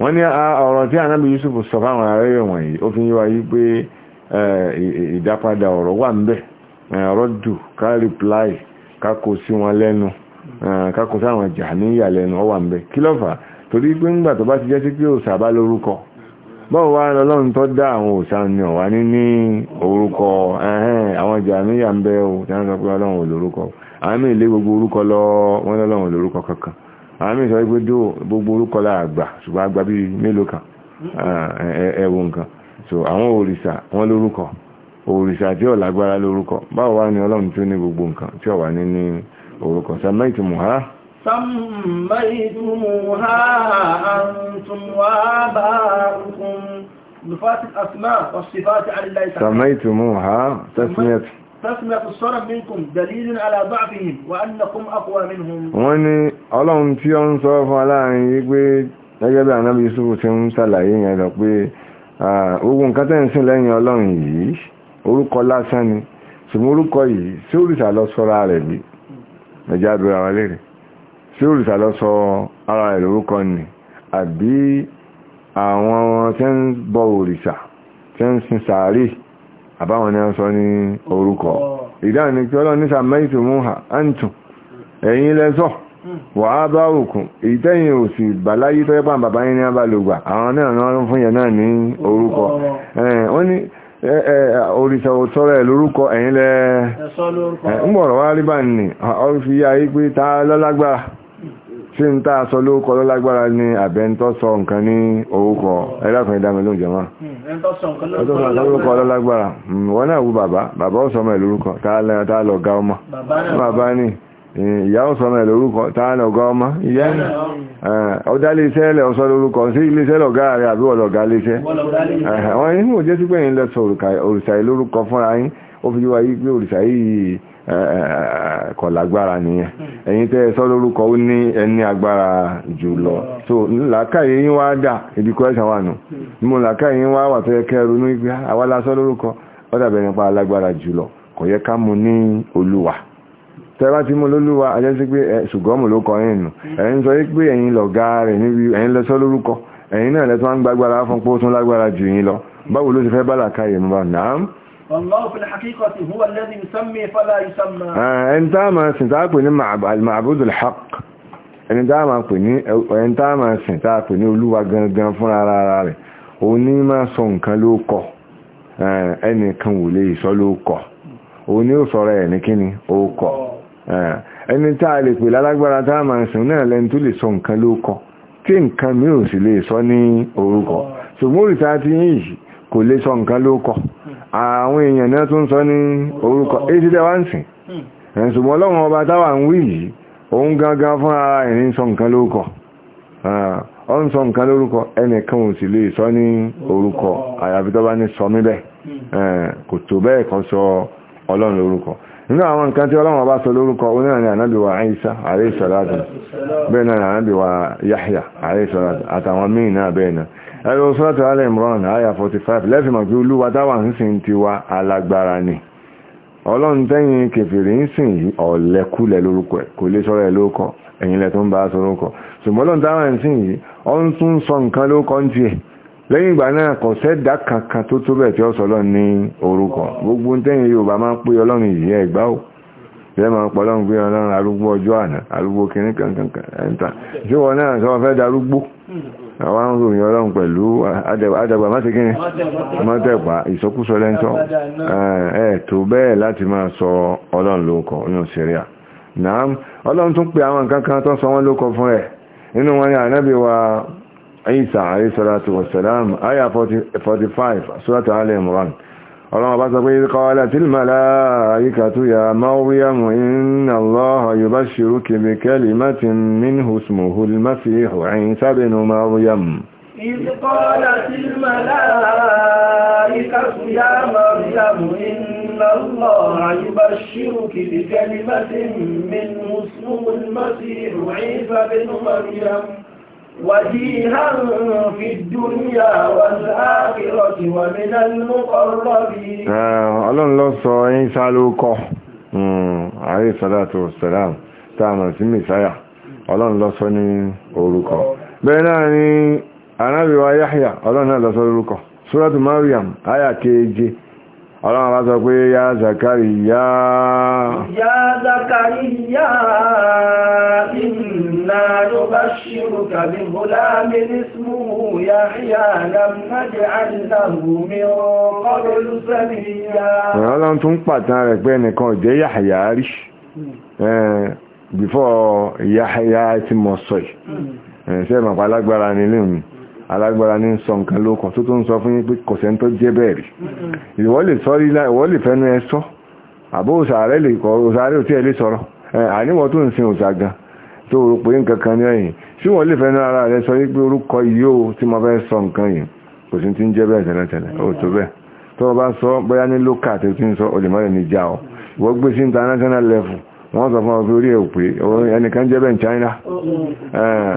wọ́n ní ah, ọ̀rọ̀ tí ànábì Yusuf sọ fáwọn arẹ́rẹ́ wọ̀nyí ó fi yíwa yí pé ìdápadà ọ̀rọ̀ wà ń bẹ̀ ọ̀rọ̀ dù ká rìpláì kákò sí wọn lẹ́nu kákò sáwọn ìjà ní ìyàlẹ́nu ọwà ń bẹ̀ kí lọ́fà torí pé ńgbà tó bá ti jẹ́ sí pé òòṣà bá lórúkọ báwo wá lọ́lọ́run tó dá àwọn òòṣà ni ọ̀wá ní ní orúkọ àwọn ìjà ní ìyà ń bẹ́ ò tí wọ́n sọ pé ọlọ́run ò lórúkọ àwọn àmì ìsọ ìgbé dó gbogbo orúkọ láàgbà ṣùgbọ́n àgbà bíi mélòó kan ẹ̀wọ̀n nǹkan so àwọn òrìṣà wọn lórúkọ òrìṣà tí ó lágbára lórúkọ báwo wá ní ọlọ́run tí ó ní gbogbo nǹkan tí ó wà ní ní orúkọ sàmẹ́tì mùhárá سميتموها أنتم وآباؤكم بفاتح الأسماء والصفات على الله سميتموها تسمية تسمية الصرف منكم دليل على ضعفهم وأنكم أقوى منهم wọ́n ní ọlọ́run tí ó ń sọ fún aláàrin wípé gẹ́gẹ́ bí ànábì Yúsúfù ti ń ṣàlàyé yẹn lọ pé ogun nǹkan tẹ́ǹsìn lẹ́yìn ọlọ́run yìí orúkọ lásán ni ṣùgbọ́n orúkọ yìí sí òrìṣà lọ sọ ara rẹ̀ bí ẹja bẹ̀rẹ̀ àwọn léèrè sí òrìṣà lọ sọ ara rẹ̀ lórúkọ ni àbí àwọn tí ń bọ òrìṣà tí ń sin sàárè àbáwọn ni a sọ ní orúkọ ìdáhùn ni ní mú ha antum ẹ̀yin lẹ́sọ̀ wà á bá òkun ìtẹ́yìn òsì bàláyé tó bàbá ní abalògbà àwọn náà ní wọ́n fún yẹn náà ní orúkọ ní òtọ́rọ̀ ẹ̀ lórúkọ ń bọ̀rọ̀ ọ tí ń tàà sọ lóòkọ́ ló ní àbẹ́ntọ́ sọ nǹkan ní orúkọ ẹlẹ́kùnrin dámi ló jẹmọ́ lóòkọ́ ló lágbára hmm, wọ́n náà wú bàbá bàbá ó sọmọ̀ ìlórúkọ tàà lọ ga ọmọ bàbá ní hmm, ìyá ó sọmọ̀ ìlórúkọ tàà lọ ga ọmọ ìyá ní ọdá léṣẹ́ lẹ ọsọ lórúkọ sí iléeṣẹ́ lọ̀gá rẹ̀ àbí ọlọ̀gá léṣẹ́ wọ́n inú òjẹ́ sígbẹ̀yìn lẹ́sọ̀ òrìṣà ìlórúkọ fúnra kọ̀lágbára nìyẹn ẹ̀yin tẹ́ ẹ sọ lórúkọ ó ní ẹni agbára jùlọ so làákàyè yín wá dà ibi question wà nù mo làákàyè yín wá wà tó yẹ kẹ́ ronú ibi ah, la lórúkọ nípa alágbára jùlọ kò yẹ ká mú ní olúwa tẹ́lá tí mo lólúwa ajẹ́ sí kọ yín nù sọ pé lọ̀gá rẹ̀ níbi náà lẹ́tọ́ ń gbágbára fún pé ó tún والله في الحقيقة هو الذي يسمي فلا يسمى انت ما سنتعبوا المعبود الحق ẹni tá máa pè ní ẹni tá máa sìn tá pè ní olúwa gangan fún ara rẹ̀ o ní máa sọ nǹkan ló kọ ẹnìkan wò lè sọ ló kọ o ní ò sọ̀rọ̀ ẹ̀ ní kíni ó kọ ẹni tá lè pè lálágbára tá máa sìn náà tí yìí kò lè sọ nǹkan ló kọ àwọn èèyàn náà tún sọ ní orúkọ èsìdẹ̀ hmm. ọba táwà ń wí yìí òun gangan fún ara ẹ̀ní sọ nǹkan lórúkọ ọ ń sọ nǹkan lórúkọ ẹnìkan ò sì lè sọ ní orúkọ àyàfi ní sọ mí bẹ́ẹ̀ hmm. kò tó bẹ́ẹ̀ ọba sọ lórúkọ àtàwọn ẹ̀rọ sọ́tọ̀ alẹ́ Imran àyà 45 lẹ́fì mọ̀ pé olúwa táwà ń sìn ti wa alágbára ni ọlọ́run tẹ́yìn kèfèrè ń sìn yìí ọ̀lẹ́kúlẹ̀ lórúkọ ẹ̀ kò lè sọ́rọ̀ ẹ̀ lóókọ ẹ̀yìn lẹ̀ tó ń bá sọ́rọ̀ kọ ṣùgbọ́n ọlọ́run táwà ń sìn yìí ọ ń tún sọ nǹkan lóókọ ń tiẹ̀ lẹ́yìn ìgbà náà kò sẹ́dá kankan tó tó bẹ̀ tí ó sọ́lọ́ ní orúkọ gbogbo tẹ́yìn Yorùbá máa ń pé ọlọ́run yìí ẹ̀gbá ò lẹ́mọ̀ ọpọlọ́run pé ọlọ́run arúgbó ọjọ́ àná arúgbó kìnnìkan kankan ẹ̀ńtà ṣé wọn náà sọ fẹ́ darúgbó àwọn arúgbò yọ ọlọ́run pẹ̀lú adẹ̀gbà má ti kíni mọ́tẹ̀pá ìsọkúsọ lẹ́ntọ́ ẹ̀ bẹ́ẹ̀ láti máa sọ ọlọ́run lóókọ nínú syria náà ọlọ́run tún pè àwọn nǹkan kan tó sọ wọ́n lóókọ fún ẹ̀ nínú wọn ni ànábì salatu aya 45 قالت الملائكة يا مريم إن الله يبشرك بكلمة منه اسمه المسيح عيسى بن مريم إذ قالت الملائكة يا مريم إن الله يبشرك بكلمة منه اسمه المسيح عيسى بن مريم وجيها في الدنيا والآخرة ومن المقربين ọlọ́run lọ sọ ẹyin sálókọ́ ààrẹ hmm. sọ́látò sẹ́lám táàmà sí mẹ́sáyà ọlọ́run lọ sọ ní orúkọ bẹ́ẹ̀ náà ni anábíwá yáhíyà ọlọ́run náà lọ sọ orúkọ suratu Maryam áyà keje ọlọ́run bá sọ pé yá zakariya yá zakariya inna nubashiruka bi ghulamin ismuhu yahya lam naj'al lahu min qablu samiyya ọlọ́run tún pàtàn rẹ̀ pé ẹnìkan jẹ́ yáhìyá before yáhìyá ti mọ̀ sọ́ì hmm. ṣe mọ̀ pálágbára nílé mi alágbára ní sọ nǹkan ló kọ̀ tó tó ń sọ fún yín pé kò sẹ́ni tó jẹ́ bẹ́ẹ̀ rí ìwọ lè sọ rí ìwọ lè fẹ́nu ẹ sọ àbó òsàárẹ̀ lè kọ òsàárẹ̀ ò tí ẹ lè sọ̀rọ̀ àníwọ̀ tó ń sin òsà gan tó rò pé nǹkan kan ní ẹ̀yìn sí wọ́n lè fẹ́nu ara rẹ sọ wípé orúkọ yìí tí mo fẹ́ sọ nǹkan yìí kò sí ti ń jẹ́ bẹ́ẹ̀ tẹ́lẹ̀tẹ́lẹ̀ ó tó bẹ́ẹ̀ tó bá sọ bóyá ní lókà tó ti ń sọ olùmọ́lẹ̀ ní já ọ ìwọ sí international level wọ́n sọ fún ọgbẹ́ orí ẹ̀ ẹnìkan jẹ́ bẹ́ẹ̀ China mọ̀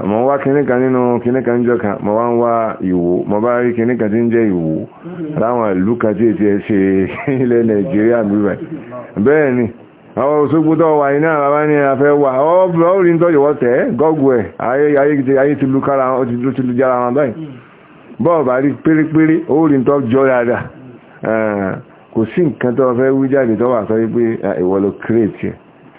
mm-hmm. wá kìníkan nínú kìníkan jọ kan mọ̀ wá ń wá ìwò mọ̀ bá rí kìníkan tí ń jẹ́ ìwò mm-hmm. láwọn ìlú kan tí ètì ẹ̀ ilẹ̀ Nàìjíríà mìíràn bẹ́ẹ̀ ni àwọn Òṣogbo wà iná bàbá ní afẹ́ wà ọ́bìnrin tó yọ̀wọ́ tẹ̀ gọ́gù ẹ̀ ayé ti lu kára wọn ti mm-hmm. kò sí nǹkan tó fẹ́ wí tó wà sọ wípé ìwọ ló kírètì ẹ̀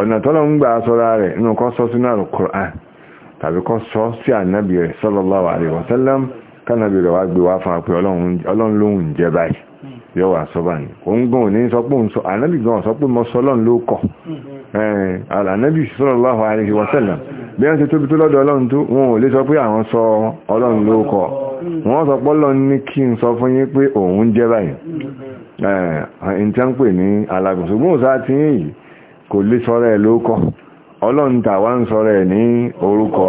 ọ̀nà tọ́lọ ń gbà sọ́ra rẹ̀ inú kọ́ sọ sínú àrùn Qur'an tàbí kọ́ sọ sí ànábì rẹ̀ sallallahu alaihi wasallam kánàbì rẹ̀ wá gbé wá fún apẹ́ ọlọ́run lóhùn jẹ báyìí yóò wà sọ́bà ní oúngbọ́n ò ní sọ pé òun sọ ànábì gan sọ pé mọ́sọ́lọ́n ló kọ̀ ànábì sallallahu alaihi wasallam wọ́n sọ pé ní kí n sọ fún yín pé òun jẹ́ báyìí ẹ̀ ẹ̀ ń ń pè ní alágùn ṣùgbọ́n yìí kò lè sọ́rọ̀ ẹ̀ lóókọ ọlọ́ntà wá ń sọ́rọ̀ ẹ̀ ní orúkọ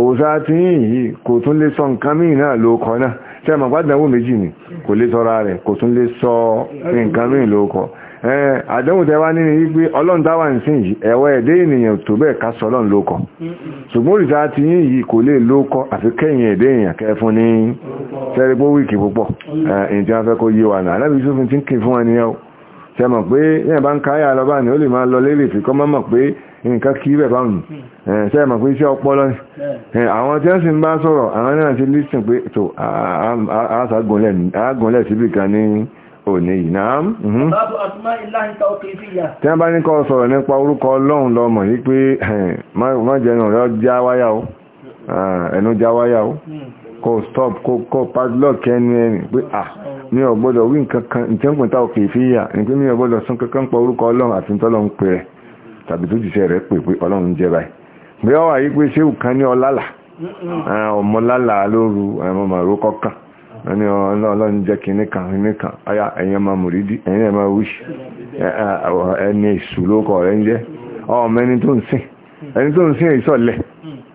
òòsá tí yìí kò tún lè sọ nǹkan míì náà lóókọ náà tẹ́ mọ̀ pàdánwò méjì ni kò lè sọ́ra rẹ̀ kò tún lè sọ nǹkan míì lóókọ àdánwò wá nínú wípé ọlọ́ntà wà yìí ènìyàn tó bẹ́ẹ̀ ká sọ lóókọ ṣùgbọ́n yìí kò lè lóókọ àfi kẹ́yìn tí a mọ̀ pé ní ẹ̀bá ń káyà lọ báyìí ó lè máa lọ lérè fi kọ́ mọ́ mọ̀ pé nǹkan kí bẹ̀ bá nù tí a mọ̀ pé iṣẹ́ ọpọlọ hmm. àwọn tí wọ́n sì ń bá sọ̀rọ̀ àwọn náà ti lísìn pé tó àágùnlẹ̀ síbì kan ní òní yìí náà mhm. tí a bá ní kọ́ sọ̀rọ̀ nípa orúkọ ọlọ́run lọ́mọ̀ yí pé má jẹ́nu rẹ̀ já wáyà ó hmm. ẹnu já wáyà ó kò stop kọ padlock ẹnu ẹni pé à mi ò gbọ́dọ̀ wí nǹkan kan ìtẹ́ǹpìntà òkè ní pé mi ò sún kankan pọ orúkọ ọlọ́run àti tọ́lọ́run pè rẹ̀ tàbí tó jìṣẹ́ rẹ̀ pè pé ọlọ́run jẹ́ báyìí bí wà yí ọmọ lóru ọlọ́run jẹ́ kan kan ọyá mùrídì ẹ̀ máa wíṣì ẹni rẹ̀ ọmọ ẹni tó ẹni tó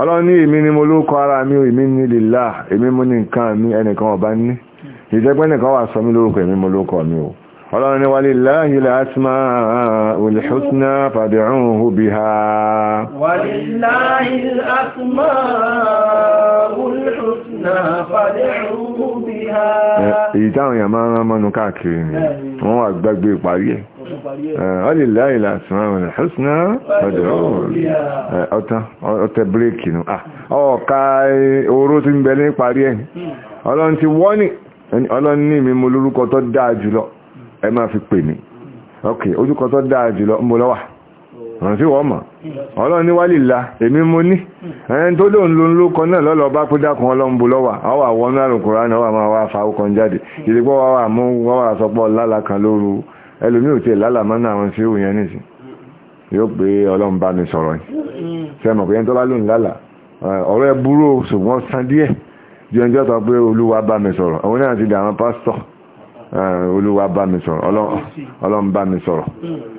ọlọ́run ní èmi ni mo lóókọ ara mi èmi ni lillah èmi mo ní nǹkan mi ẹnìkan ọ̀bá ní ìjẹ́gbẹ́ wà sọ mí lórúkọ èmi mo lóókọ mi o ọlọ́run ni walillahi al-asma'ul husna fad'uhu biha walillahi al-asma'ul husna fad'uhu biha èyí táwọn èèyàn máa rán mọ́nu káàkiri ni wọ́n wà gbàgbé ìparí ẹ̀ walillahi al-asma'ul husna fad'uhu biha ọ̀tẹ́ bíréèkì nù ọ̀ka oró ti ń bẹ ní ìparí ẹ̀ hmm. ọlọ́run ti wọ́nì ọlọ́run ní mi mo lórúkọ tó dáa jùlọ ẹ máa fi pè mí ok ojúkọ tó dáa jùlọ ń bọ́ lọ́wà ràn sí wọ́n mọ̀ ọlọ́run ní wálì la èmi mo ní ẹni tó lóun ló ń lókọ náà lọ́lọ́ bá pé dákun ọlọ́run bó lọ́wà àwọn àwọn ọ̀nà àrùnkùnrin náà wà máa wá fa ọkọ̀ jáde ìdígbọ́ wà wà mú wọ́n wà sọpọ̀ lálà kan lóru ẹlòmí ò tiẹ̀ lálà mọ́ náà wọn sí òun yẹn nìsín yóò pé ọlọ́run bá mi sọ̀rọ̀ yìí sẹ́mọ̀ pé ẹni tó bá lóun lálà ọ̀rọ̀ ẹ burú ṣùgbọ́n san díẹ̀ ju ẹni sọ pé olúwa bá mi sọ̀rọ̀ òun náà ti dà pásítọ̀ Eh, olúwa bá mi sọ̀rọ̀ ọlọ́run bá mi sọ̀rọ̀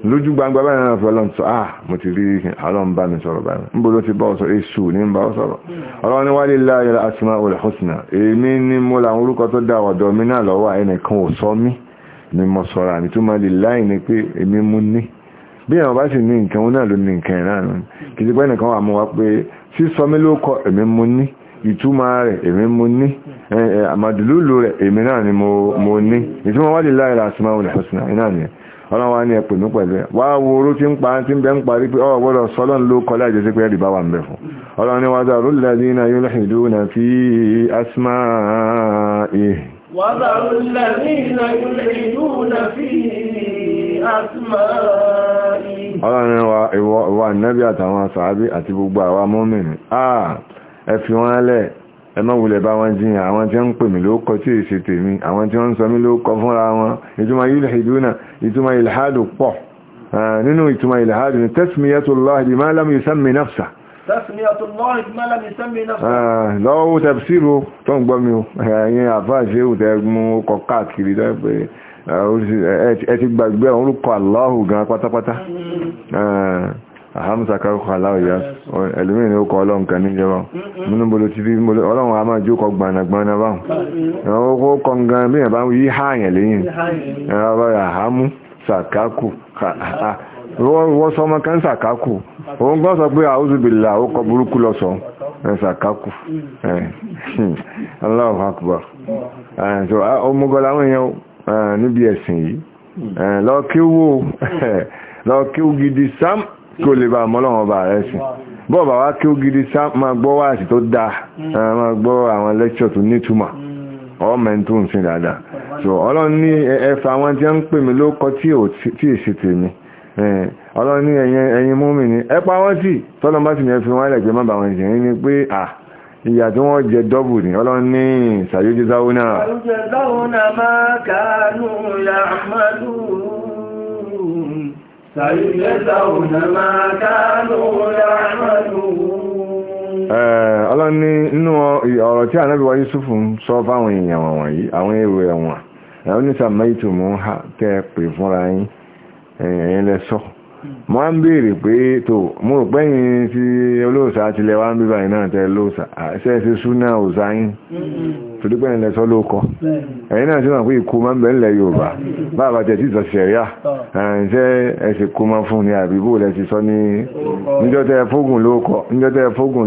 lójú gbangba báyìí náà fi ọlọ́run sọ ah mo ti rí ọlọ́run bá mi sọ̀rọ̀ báyìí ń bolo ti bá ọ sọ̀rọ̀ èṣù ní ń bá ọ sọ̀rọ̀ ọlọ́run ni wálé láyé asúná olè hosùnà èmi ni mo làwọn orúkọ tó dá ọ̀dọ̀ mi náà lọ́wọ́ ẹnìkan ò sọ mí ni mo sọ̀rọ̀ àmì tó máa lè láì ni pé èmi mú ní ìtumọ̀ rẹ̀ èmi mo ní àmàdùlúlù rẹ̀ èmi náà ni mo ní ìtumọ̀ wá lè láìra asmaul husna iná ni ọlọ́wà ní ẹ̀pẹ̀ ní pẹ̀lú ẹ̀ wá wo oró tí ń pa tí ń bẹ́ ń parí pé ọwọ́ gbọ́dọ̀ sọ́lọ́n ló kọlá ìjẹsí pé wà ń bẹ̀ fún wa ìwọ̀ àtàwọn àti gbogbo mọ́mìnì ah! ẹ fi wọ́n lẹ̀ ẹ má wulẹ̀ bá wọn jiyàn àwọn tí wọ́n ń pè mí ló kọ tí èsì tèmi àwọn tí wọ́n ń sọ mí ló kọ fúnra wọn ìtumọ̀ yulhiduna ìtumọ̀ ìlhádù pọ̀ nínú ìtumọ̀ ìlhádù ni tasmiyatullahi bima lam yusammi nafsa lọ́wọ́ tẹ̀síro tó ń gbọ́ mi o ẹ̀yìn àfáàṣẹ́ òtẹ́ mú àhámsà kárùkù aláwòyá ẹlùmí ní ókọ ọlọ́run kan níjọba múnú bolo ti rí ọlọ́run a máa jó kọ gbanagbana báhùn ọkọ̀ kọngan bí ẹ̀bá yí háàyàn lẹ́yìn ẹ̀rọ àhámú sàkákù wọ́n sọ ọmọ kan sàkákù òun gbọ́ sọ pé àúzùbìlà ó kọ burúkú lọ sọ sàkákù (laughs) Allahu akbar ọmọgọ́lá àwọn èèyàn níbi ẹ̀sìn yìí lọ kí wó (laughs) lọ u gidi sam kó lè bá mọ́lọ́wọ́n bá rẹ̀ sí bọ́ọ̀bà wá kí ó gidi sá máa gbọ́ wáàsí tó dáa hmm. máa gbọ́ àwọn lẹ́kṣọ̀ tó nítumọ̀ hmm. ọmọ ẹni ń sin dáadáa so ọlọ́run ní ẹ̀fà àwọn tí ó ń pè mí ló kọ tí èsì tèmi ọlọ́run ní ẹ̀yin múmi ní ẹpa wọ́n tí tọ́lọ́n bá sì ní ẹfin wọ́n lẹ̀gbẹ́ má bà wọn jẹ́ ní pé à ìyà tí wọ́n jẹ dọ́bù ní ọlọ́run ní sàyójú záwónà ọlọ́ni nínú ọ̀rọ̀ tí ànábíwá Yusufu ń sọ fáwọn èèyàn wọ̀nyí àwọn èrò ẹ̀wọ̀n ẹ̀wọ́n ní sàmáyìtò mú tẹ́ pè fúnra yín ẹ̀yìn lẹ́sọ́ mo á ń béèrè pé tó mo rò pẹ́yìn tí olóòsà tilẹ̀ wá ń bíbà iná tẹ lóòsà àṣẹ ṣe súná òsà yín mm-hmm. torí pé ẹ̀lẹ́ sọ́ ló kọ mm-hmm. ẹ̀yìn náà sí wọn pé ikú máa ń bẹ̀ ńlẹ̀ Yorùbá mm-hmm. bàbá tẹ̀ tí sọ sẹ̀ríà ṣẹ́ ẹ̀sìn kú máa fún ni àbí bó lẹ̀ ti sọ ní níjọ́tẹ̀ fógùn lórúkọ níjọ́tẹ̀ fógùn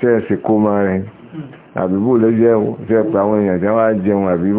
jẹ́ ṣẹ́ èèyàn tí wọ́n jẹun àbí (laughs)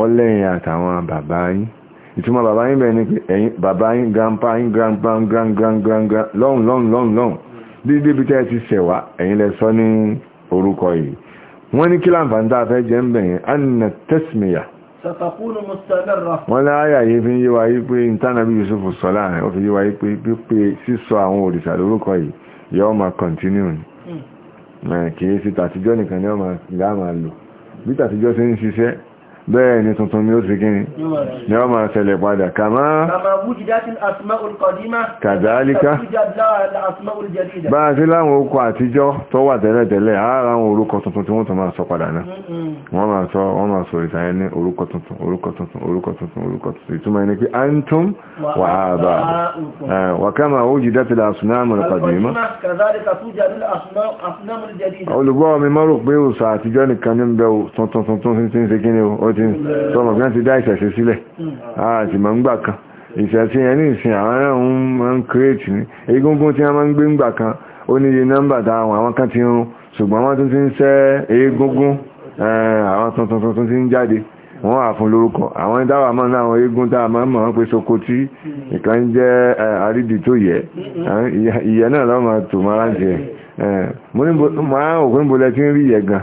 ọlẹ́yìn àtàwọn bàbá yín ìtumọ̀ bàbá yín bẹ̀rẹ̀ ní bàbá yín grandpa yín grandpa grandgrandgrandgra lọ́hùn lọ́hùn lọ́hùn lọ́hùn bí débi tẹ́ ti ṣẹ̀wá ẹ̀yin lẹ sọ ní orúkọ yìí wọ́n ní kí láǹfààní tá a fẹ́ jẹ́ ń bẹ̀yìn anna tasmiya wọ́n láyà yìí fi ń yé wa yí pé ìtànàbí Yusuf sọ láàrin ó fi yé wa yí pé pípé sísọ àwọn òrìṣà lórúkọ yìí yọ́ ma continue ni hmm. kìí sí tàtijọ́ nìkan bẹ́ẹ̀ ni tuntun ni ó sì gíní ni ọ máa ṣẹlẹ̀ padà kàmá kàdálíká bá a sí láwọn orúkọ àtijọ́ tó wà tẹ́lẹ̀tẹ́lẹ̀ àwọn orúkọ tuntun tí wọ́n tó máa sọ padà náà wọ́n máa sọ wọ́n máa sọ ìtàyẹ ní orúkọ tuntun orúkọ tuntun orúkọ tuntun orúkọ tuntun ìtumọ̀ ní pé antum wà ábà wàkàmà ó jì dátìlà àsùnámù al-qadima olùgbọ́ mi mọ́rò pé òsà àtijọ́ nìkan ní ó ti sọmọ kan ti dá ìṣẹ̀ṣe sílẹ̀ àti mọ̀ ńgbà kan ìṣẹ̀ṣe yẹn ní ìsìn àwọn náà ń máa ń kírètì ní egungun tí wọ́n máa ń gbé ńgbà kan ó ní iye nọ́mbà táwọn àwọn kan ti ń ṣùgbọ́n wọ́n tún ti ń ṣẹ́ egungun eh, àwọn tuntun tuntun ti ń jáde wọ́n wà fún lórúkọ àwọn dáwà máa ní àwọn eégún dáa máa mọ̀ wọ́n pé sokoti ìkan jẹ́ eh, àrídì tó yẹ ìyẹ náà lọ́mọ tòmọ́rántì ẹ̀ eh, mo ní òkú ń bolẹ̀ tí ń rí yẹ gan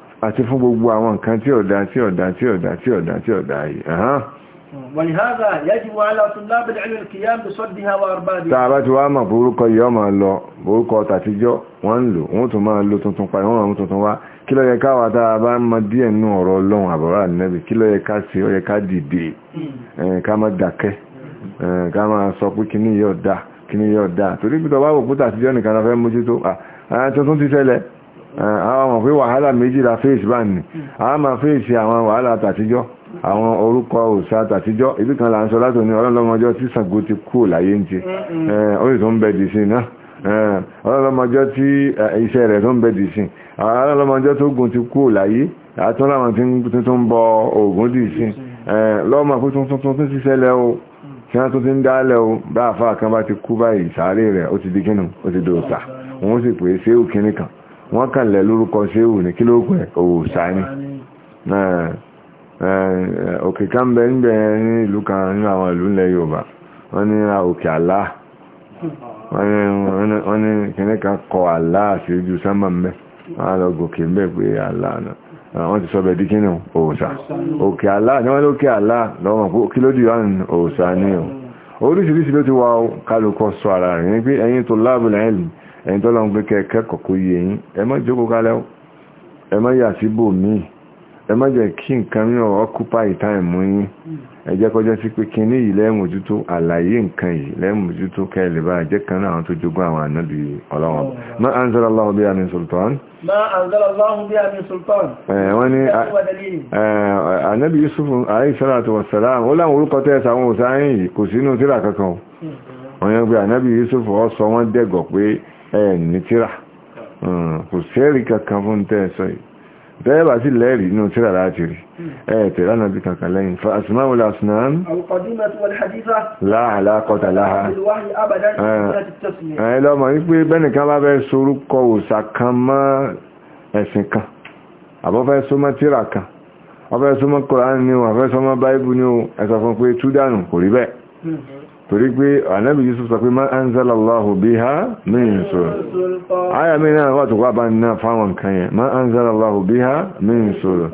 àti fún gbogbo àwọn nǹkan tí ọ̀dá tí ọ̀dá tí ọ̀dá tí ọ̀dá tí ọ̀dá yìí wàlìháàdà yájú yẹ ká wà bá ń mọ díẹ̀ nú ọ̀rọ̀ ọlọ́run àbọ̀rọ̀ ànẹ́bì kí yẹ ká ṣe ó ká dìde hmm. ká má dákẹ́ ká máa sọ pé kíní yóò dá kíní yóò dá torí pé tọ́ bá wò pé tàtijọ́ nìkan la tuntun ti ṣẹlẹ̀ àwọn ọmọ pé wàhálà méjì la fèsì bá ní hmm. a máa fèsì àwọn wàhálà tàtijọ́ àwọn orúkọ òṣà tàtijọ́ ibi kan là ń sọ látò ní ọlọ́lọ́mọjọ́ tí Ṣàngó ti kú láyé ń ti hmm. eh, ó sì tó ń bẹ̀dì sí náà eh, ọlọ́lọ́mọjọ́ tí eh, iṣẹ́ rẹ̀ tó ń bẹ̀dì sí ọlọ́lọ́mọjọ́ tó gùn ti kú láyé àtúnláwọn tí tó ń bọ ògùn dì sí lọ́mọ pé tuntun tó ti ṣẹlẹ̀ o kí di kínú ó ti dòòtà òun sì pè é wọ́n kàn lẹ̀ lórúkọ ṣéwù ní kí ló ní òkè kan bẹ níbẹ̀ ní ìlú kan nínú àwọn ìlú ilẹ̀ Yorùbá wọ́n ní òkè àlá wọn ní kìnní kan kọ àlá àti ojú sánmà mẹ́ lọ gòkè mẹ́ pé àlá náà ti sọ òkè àlá ní àlá kí ló dì ní oríṣiríṣi ló ti kálukọ sọ ara ní pé tó ẹ̀yìn tọ́lọ ń keke kẹ́kẹ́kọ̀ọ́ kó yé yín ẹ má jókòó kálẹ̀ ẹ má yà sí bò míì ẹ má jẹ́ kí nǹkan mìíràn occupy time mú yín ẹ jẹ́ kọjá sí pé kí ní yìí lẹ́mùjútó àlàyé nǹkan yìí lẹ́mùjútó kẹ́lẹ̀ bá jẹ́ kan náà tó jogún àwọn ànábì ọlọ́wọ́n ma anzala Allahu biha ma sultan wọ́n ànábì Yusuf ẹ̀ẹ̀ni tíra hmm, kò sẹ́rí kankan fún tẹ́ẹ̀sọ yìí bẹ́ẹ̀bà sí lẹ́rì inú tíra láti rí ẹ̀ẹ̀tẹ̀ lánà bí kankan lẹ́yìn fa asìmáwò lásìnán láàlákọta láha ẹ̀ẹ́ lọ́mọ wípé bẹ́nìkan bá fẹ́ sorúkọ òsà kan mọ́ ẹ̀sìn kan àbọ́fẹ́ sọmọ́ tíra kan ọfẹ́ sọmọ́ kọ̀rán ni ó àfẹ́ sọmọ́ báíbù ni ó ẹ̀sọ fún pé túdánù torí pé ànábì Yusuf sọ pé ma anzala Allahu biha ha sultan ayà mi náà wà tó wà bá náà fáwọn nǹkan ma anzala Allahu biha ha sultan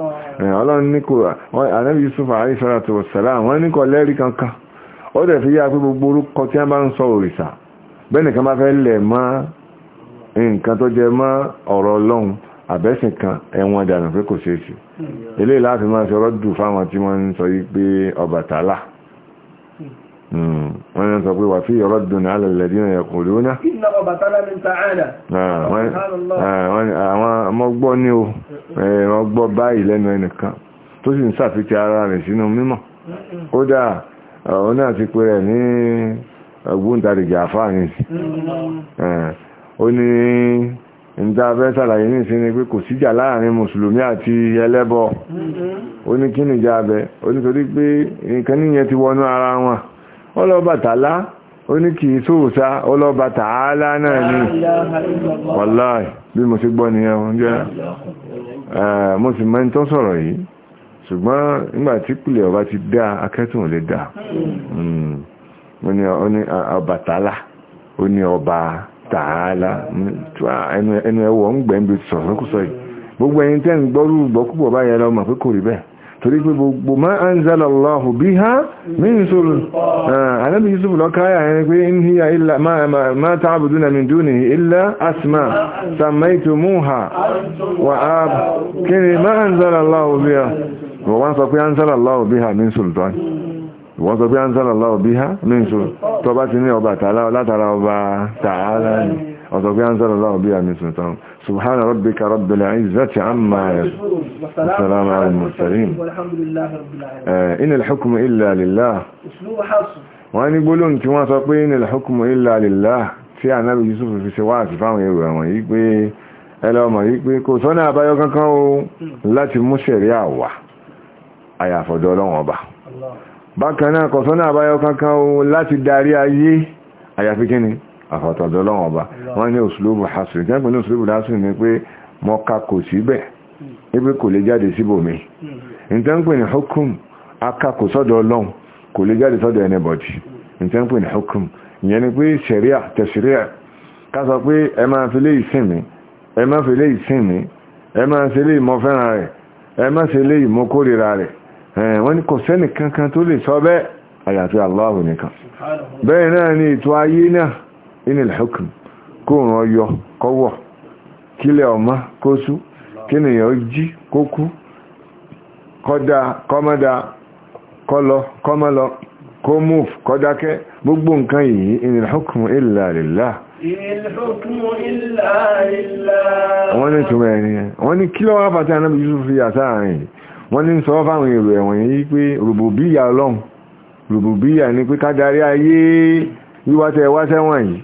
ọlọ́run ní kò ànábì Yusuf alayhi salatu wassalam ní kò lẹ́rí kankan ó dẹ̀ fi yá pé gbogbo orúkọ tí a bá ń sọ òrìṣà bẹ́ẹ̀ni kan bá fẹ́ lẹ̀ mọ́ nǹkan tó jẹ mọ́ ọ̀rọ̀ ọlọ́run àbẹ́sìn kan ẹ̀wọ̀n dànù pé kò ṣeé Hmm. wọ́n yẹn sọ pé wà fí ọ̀rọ̀ dùn ní alẹ́lẹ́dínà ẹ̀kùn ló ná àwọn ọmọgbọ́ ní eh, báyìí lẹ́nu rẹ̀ sínú ọ ní ọgbóǹtarìgì àfáàní sí eh, ó ní ìdáfẹ́ sàlàyé ní ìsinmi pé kò síjà mùsùlùmí àti ẹlẹ́bọ ó ní kí ọlọ́bàtálá oní kìí sóòsá ọlọ́bàtálá náà ni wàláì bí mo ti gbọ́ nìyẹn oúnjẹ mo sì mẹ́ni tó sọ̀rọ̀ yìí ṣùgbọ́n nígbà tí pìlẹ̀ ọba ti dá akẹ́tùn lè dá hmm. ọbàtálá ó ní ọba tààlà hmm. ẹnu ẹwọ̀ ń gbẹ̀ ń bí sọ̀rọ̀kúsọ yìí gbogbo ẹ̀yin tẹ́ ń gbọ́rú gbọ́kúbọ̀ báyẹ̀ lọ́mọ̀ pé kò rí bẹ́ẹ̀ torí pé gbogbo ma anzalallahu biha min sultan anábi ah, yusuf lọ́káyà ẹni pé in hiya illa ma ta'buduna min dunihi illa asma sammaytumuha wa ab kíni ma anzalallahu biha wọ́n sọ pé anzalallahu biha min sultan wọ́n sọ pé anzalallahu biha min sultan tọba ti ní ọba tààlá látara ọba tààlá ni ọ̀sọ̀ pé anzalallahu biha min sultan سبحان ربك رب العزة عما يصفون السلام على المرسلين والحمد لله رب العالمين إن الحكم إلا لله أسلوب حصر wọ́n ní gbólóhùn tí wọ́n sọ pé ní al-hukmu illa lillah tí ànábì Yusuf fi ṣe wáàsí fáwọn èrò ẹ̀wọ̀n yí pé ẹlọ́mọ̀ yí pé kò sọ́nà àbáyọ kankan o láti mú ṣẹ̀rí àwà àyàfọ̀dọ̀ ọlọ́wọ̀n ọba bákan náà kò sọ́nà àbáyọ kankan o láti darí ayé àyàfi kíni àfàtọ̀dọ̀ ọba wọ́n ní òṣùlùbù hasri jẹ́pẹ̀ ní òṣùlùbù hasri ni pé mọ́ka kò síbẹ̀ ibi kò lè jáde síbòmí hukum aka kò sọ́dọ̀ kò lè jáde sọ́dọ̀ hukum ìyẹn ni pé sẹ̀ríà tẹ̀síríà sọ pé ẹ máa fi lé ìsìn ẹ máa fi lé ẹ máa lé ìmọ̀ fẹ́ràn rẹ̀ ẹ máa lé ìmọ̀ kórìíra rẹ̀ wọ́n kankan tó sọ bẹ́ẹ̀ nìkan bẹ́ẹ̀ náà ni ètò ayé náà inil hukm kó ràn yọ kọ́wọ̀ kílẹ̀ ọmọ kó sú kínìyàn jí kó kú kọ́dá kọ́mọ́dá kọ́lọ kọ́mọ́lọ kó mú kọ́dákẹ́ gbogbo nǹkan yìí inil hukm illa lillah wọ́n ní túnmọ̀ ẹni wọ́n ní kí lọ́wọ́ àpàtà anábi Yusuf fi yà sáàrin wọ́n ní sọ fáwọn èrò ẹ̀wọ̀n yìí pé rùbùbíyà ọlọ́run rùbùbíyà ni pé kádarí ayé wíwá tẹ́ yìí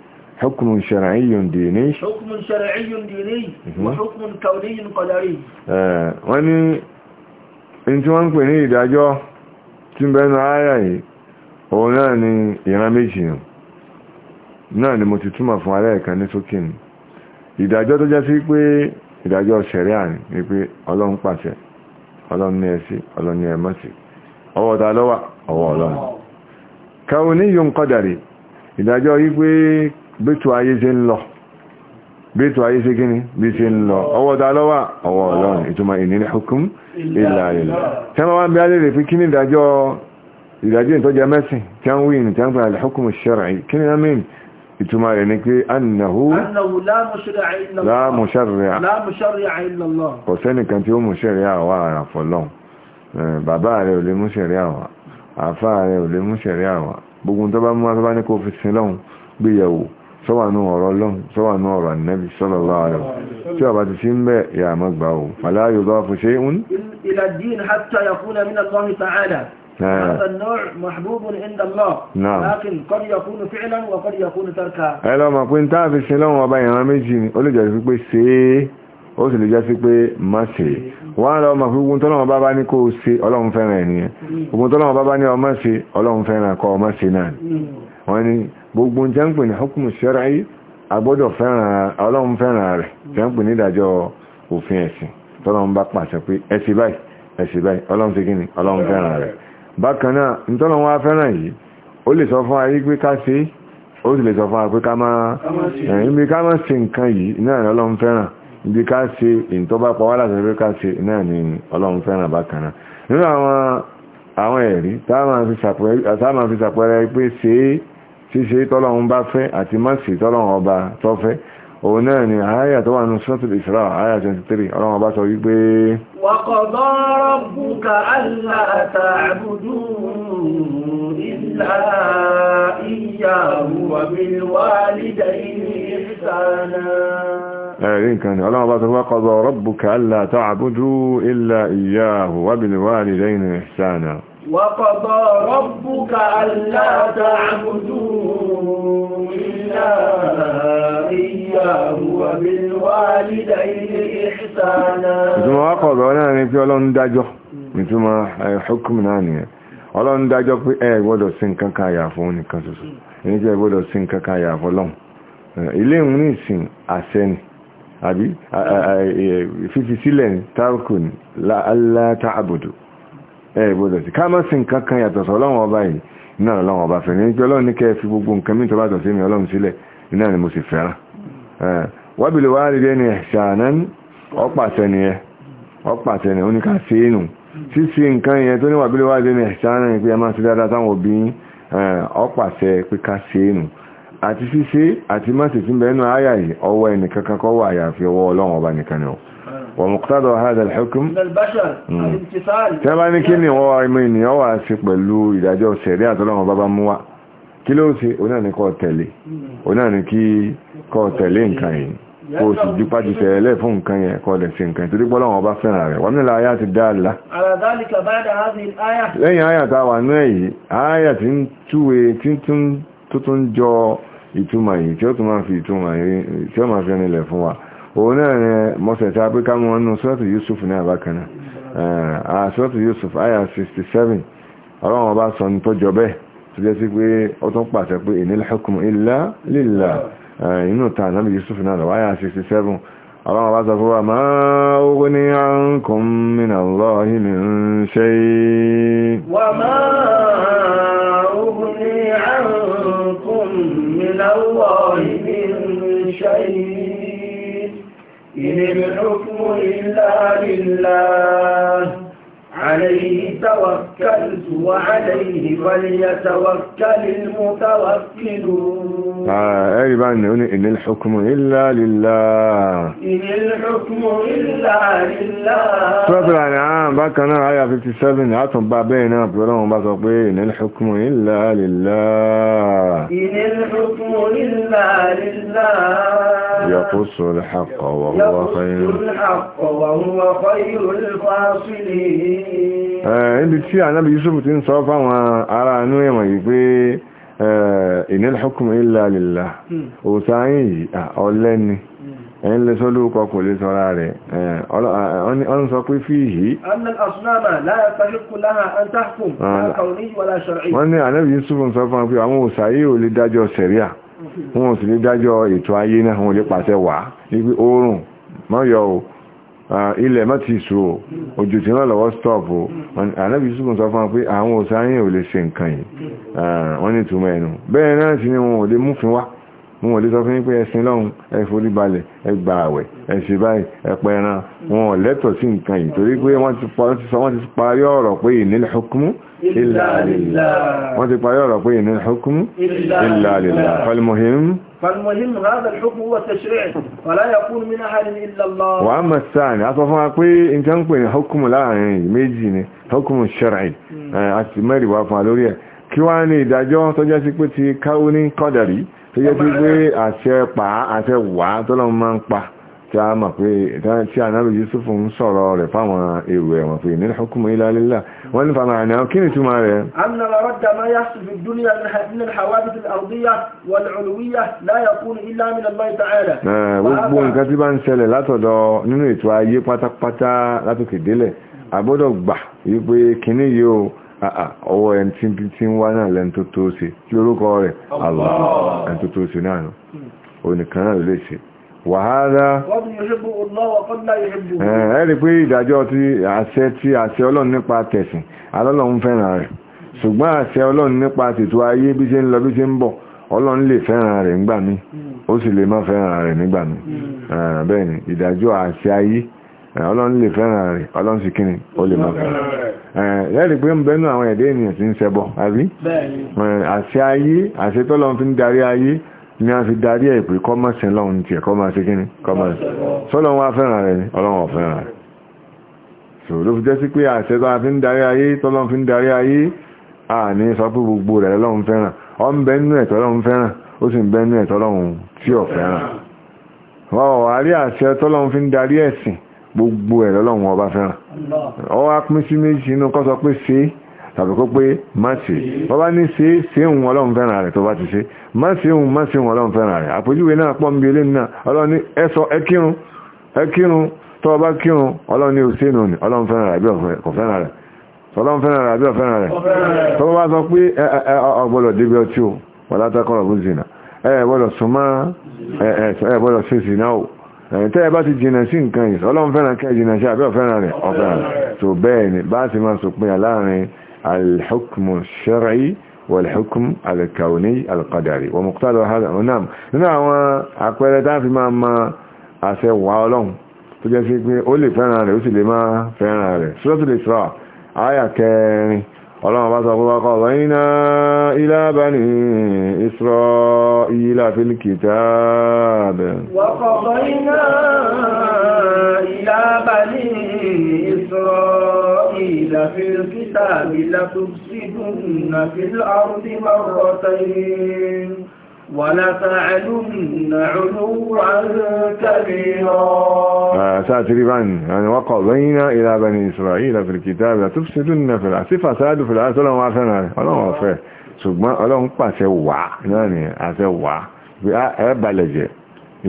حكم شرعي ديني حكم شرعي ديني وحكم كوني قدري wọ́n ní in wọ́n pè ní yìí ni ni mo ti fún ní ìdájọ́ tó jẹ́ pé ìdájọ́ ni pé ọlọ́run pàṣẹ ọlọ́run ní ọlọ́run ní ọwọ́ lọ́wà ọwọ́ ọlọ́run bẹ́tù ayé ṣe ń lọ bẹ́tù ayé ṣe kíni bí ṣe ń lọ ọwọ́ ta lọ́wà ọwọ́ ọlọ́run ìtumọ̀ ìnílẹ̀ hukum ìlà ìlà tẹ́mọ̀ wá ń bí á lèrè fi kíni ìdájọ́ ìdájọ́ ìtọ́jẹ́ mẹ́sìn tí a ń wí ní tí a ń pè àlẹ́ hukum ṣẹ́rẹ̀ kíni náà mìíràn ìtumà rẹ̀ ni pé annahu la musharri'a illa Allah kò eh, gbogbo tó bá mú wá ní kó fi sin lọ́hun gbéyàwó sọ́wọ́nù ọ̀rọ̀ ọlọ́run sọ́wọ́nù ọ̀rọ̀ ànẹ́bí sallallahu alaihi wasallam tí ọba ti sí ń bẹ̀ yà á mọ́gbà o fala yudhafu shay'un ila ad-din هذا النوع محبوب عند الله لكن قد يكون فعلا وقد يكون تركا ẹ lọ mọ̀ pé ń táàfi sí lọ́wọ́ ọba ìran méjì ó lè jẹ́ sí pé ṣe é ó sì lè jẹ́ sí pé wọ́n lọ ọmọ fún ogun tọ́lọ́wọ́ bá bá ní kó ṣe ọlọ́run fẹ́ràn ènìyàn mm. ogun tọ́lọ́wọ́ bá bá ní ọmọ ṣe ọlọ́run fẹ́ràn kọ ọmọ ṣe náà mm. wọ́n ní gbogbo jẹ́ ń pè ní hukumu ṣẹ́ráyí agbọ́dọ̀ ọlọ́run fẹ́ràn rẹ̀ jẹ́ ń pè ní ìdájọ́ òfin ẹ̀sìn tọ́lọ́run bá pàṣẹ pé ẹ̀sì báyìí ẹ̀sì báyìí ọlọ́run ṣe kíni ọlọ́run fẹ́ràn rẹ̀ bákan náà ntọ́lọ́run wá fẹ́ràn yìí ó ibi ká ṣe ìntọ́bá pàwọ́lá tẹ́lẹ̀ ká ṣe náà ni ọlọ́run fẹ́ràn bákanná nínú àwọn ẹ̀rí táàmà fi sàpẹrẹ pé ṣe tọ́lọ́run bá fẹ́ àti má ṣe tọ́lọ́run ọba tọ́fẹ́ òun náà ni àáyà tó wà ní sọ́tìlì ìsra àáyà 23 ọlọ́run ọba sọ wípé wàkọ̀dọ́ rọ́bùkà aláàtàbùdù ìlà ìyàwó ìrìn ẹ̀rin kan ni ọlọ́wọ́ bá sọ wá qada rabbuka alla ta'budu illa iyyahu wa bil walidayni ihsana wa qada rabbuka alla ta'budu illa iyyahu wa bil walidayni ihsana ìtumọ̀ wá qada náà ni pé ọlọ́run dájọ́ ìtumọ̀ eh, hukm náà nìyẹn ọlọ́run dájọ́ pé ẹ gbọ́dọ̀ sí nǹkan kan àyàfó nìkan ṣoṣo èyí jẹ́ gbọ́dọ̀ sí nǹkan kan àyàfó eh, ilé ìrìn ìsìn àṣẹ àbí e, fífi sílẹ̀ tarkun láàlátà àbùdù ẹ̀bùdọ̀ sí ká mọ́ sí nǹkan kan yàtọ̀ sọ ọlọ́run ọba yìí náà ọlọ́run ọba fẹ́ ní pé ọlọ́run ní kẹ́ fi gbogbo nǹkan mí tọ́bátọ̀ sí mi ọlọ́run sílẹ̀ náà ni mo sì fẹ́ràn wábìlì wá rí ẹni ṣàánán ọpàṣẹ ni ẹ ọpàṣẹ ni ó ní ká sí inú ṣíṣe nǹkan yẹn tó ní wábìlì wá rí ẹni ṣàánán ni pé ẹ máa ṣe dáadáa táwọn òbí ọpàṣẹ pé ká àti ṣíṣe àti má ṣe tí bẹ̀ẹ́nu àyà yìí ọwọ́ ẹni kankan kọ́ wà àyàfi ọwọ́ ọlọ́run ọba nìkan ni ọ wọ́n mọ̀kútàdọ̀ hádà al-hukm hmm. tí a bá ní kí ni wọ́n ìmọ̀ ènìyàn wà sí pẹ̀lú ìdájọ́ sẹ̀rí àtọ́lọ́run bá bá mú wá kí ló ṣe onáà ní kọ́ tẹ̀lé onáà ní kí kọ́ tẹ̀lé nǹkan yìí kó o sì jípájú tẹ̀ ẹlẹ́ fún nǹkan yẹn kọ́ lẹ̀ sí jọ ìtumọ̀ yìí tí ó tún máa fi ìtumọ̀ yìí tí ó máa fi ẹnilẹ̀ fún wa òun náà ni mọ́sẹ̀ta pé ká mú wọn nù sọ́ọ̀tù Yusuf ní àbákaná sọ́ọ̀tù Yusuf aya 67 ọlọ́run ọba sọ ní tọ́jọ bẹ́ẹ̀ tó jẹ́ sí pé ó tún pàṣẹ pé inil hukmu illa inú ta náà Yusuf náà lọ aya 67 ọlọ́run ọba sọ fún wa ma ughni ankum minallahi min shay من الحكم إلا لله عليه توكل توكلت وعليه فليتوكل المتوكلون آه أي بقى إن الحكم إلا لله إن الحكم إلا لله سورة الأنعام بقى كان آية 57 عطم بقى بينا بلون بقى إيه؟ إن الحكم إلا لله إن الحكم إلا لله يقص الحق وهو خير يقص الحق وهو خير الفاصلين آه إن anábi yusuf ti ń sọ fáwọn ará inú ẹ̀wọ̀n yìí pé inil hukm illa lillah hmm. òsáyìn yìí ọlẹ́ni hmm. ẹ̀yìn lè sọ lóòkọ́ kò lè sọ́ra rẹ̀ ọ́n sọ pé fi yìí wọ́n ní anábi yusuf ń sọ fáwọn pé àwọn òsáyìn ò lè dájọ́ sẹ̀ríà hmm. wọn ò sì lè dájọ́ ètò ayé náà wọn lè pàṣẹ wà ní pé mọ́yọ̀ ilẹ̀ má ti sù ó òjò tí wọ́n lọ́wọ́ stọ́ọ̀pù ànábì sùkùn sọ fún wa pé àwọn òsáyìn ò lè ṣe nǹkan yìí wọ́n ní túmọ̀ ẹnu bẹ́ẹ̀ náà sì ni wọn ò lè múfin wá wọn ò lè sọ fún yín pé ẹsìn lọ́hùn ẹ forí balẹ̀ ẹ gba àwẹ̀ ẹ ṣe báyìí ẹ pẹ ẹran wọn ò lẹ́tọ̀ sí nǹkan yìí torí pé wọ́n ti parí ọ̀rọ̀ pé inil hukmu illa wọ́n ti parí ọ̀rọ̀ pé inil hukmu illa فالمهم هذا الحكم هو التشريع ولا يكون من أحد إلا الله وأما الثاني أصفها قوي إن كان قوي حكم لا يعني ميجيني حكم الشرعي أتمري وأفعلوري kí wá ní ìdájọ́ tó jẹ́ sí pé ti káwó ní kọ́dàrí tó jẹ́ sí pé àṣẹ pa àṣẹ wà tọ́lọ́run máa ń pa tí a mọ̀ pé tí ànábì Yusuf ń sọ̀rọ̀ rẹ̀ fáwọn èrò ẹ̀wọ̀n pé ní hukumu ila lillah wọ́n ní fàmà àná kí ni túmọ̀ rẹ̀. annama radda ma yahsul fi dunya min al-hawadith al-ardiyya wal-'ulwiyya la yakunu illa min Allah ta'ala. gbogbo nǹkan tí bá ń ṣẹlẹ̀ látọ̀dọ̀ nínú ètò ayé pátápátá látòkè délẹ̀ àgbọ́dọ̀ gbà wípé kíní yìí o ọwọ́ ẹni tí ń wá náà lẹ́ni tó tó ṣe kí orúkọ rẹ̀ Allah ẹni tó tó ṣe náà wàhálà ẹ̀rí pé ìdájọ́ ti àṣẹ ti àṣẹ ọlọ́run nípa tẹ̀sìn alọ́lọ́run fẹ́ràn rẹ̀ ṣùgbọ́n àṣẹ ọlọ́run nípa tètò ayé bí ṣe ń lọ bí ṣe ń bọ̀ ọlọ́run lè fẹ́ràn rẹ̀ nígbà mí ó sì lè má fẹ́ràn rẹ̀ nígbà mí hmm. bẹ́ẹ̀ ni ìdájọ́ àṣẹ ayé ọlọ́run lè fẹ́ràn rẹ̀ ọlọ́run sì kíni ó lè má fẹ́ràn rẹ̀ ẹ̀rí pé ni a fi darí ẹ̀ pé kọ́mọ̀sí lọ́wọ́n ti ẹ̀ kọ́mọ̀sí kí ni kọ́mọ̀sí sọ́lọ́wọ́n wá fẹ́ràn rẹ̀ ni ọlọ́wọ́n fẹ́ràn rẹ̀ so ló fi jẹ́ sí pé àṣẹ tó a fi ń darí ayé tọ́lọ́n fi ń darí ayé a ní sọ pé gbogbo rẹ̀ lọ́wọ́n fẹ́ràn ọ ń bẹ nínú ẹ̀tọ́ lọ́wọ́n fẹ́ràn ó sì ń bẹ nínú ẹ̀tọ́ lọ́wọ́n tí ò fẹ́ràn wọ́n wà rí àṣẹ tọ́lọ́n fi ń darí ẹ̀sìn gbogbo ẹ̀ lọ́lọ́wọ́n ọba fẹ́ràn ọ wá pín sí méjì inú kọ́ sọ pé ṣe tàbí kó pé má ṣe bọ́ bá ní ṣe ṣe ń wọ́n ọlọ́run fẹ́ràn rẹ̀ tó bá ti ṣe máṣíhun máṣíhun ọlọ́run fẹ́ràn rẹ̀ àpójúwé náà pọ́ mbí ilé náà ọlọ́ni ẹsọ ẹkírun ẹkírun tó bá kírun ọlọ́ni òsínú ni ọlọ́run fẹ́ràn rẹ̀ àbí ọ̀fẹ́ràn rẹ̀ ọlọ́run fẹ́ràn rẹ̀ àbí ọ̀fẹ́ràn rẹ̀ tó bá sọ pé ọgbọ́dọ̀ débi ọtí o wọ́lá tákọ̀rọ̀ bó zina ẹ gbọ́dọ̀ súnmọ́ ẹ gbọ́dọ̀ ṣe zina o tẹ́ ẹ bá ti jìnà sí nǹkan yìí ọlọ́run والحكم الكوني القدري ومقتضى هذا نعم نعم àpẹẹrẹ tá fi máa ma àṣẹ wà ọlọ́run tó jẹ́ sí pé ó lè fẹ́ràn rẹ̀ ó sì lè máa fẹ́ràn rẹ̀ Suratul Isra àyà kẹrin ọlọ́run bá sọ pé wákọ̀ wáyíná ilá bani Isra'ila fil kitab wákọ̀ wáyíná ilá bani Isra'ila fil kitab látúbsìdùn nà fil ardi marratayn ساتري بان يعني وقضينا إلى بني إسرائيل في الكتاب لا تفسدن في الأرض فساد في الأرض ولا معفنا ولا معفنا ṣùgbọ́n ọlọ́run pàṣẹ wà náà ni àṣẹ wà bí ẹ balẹ̀jẹ̀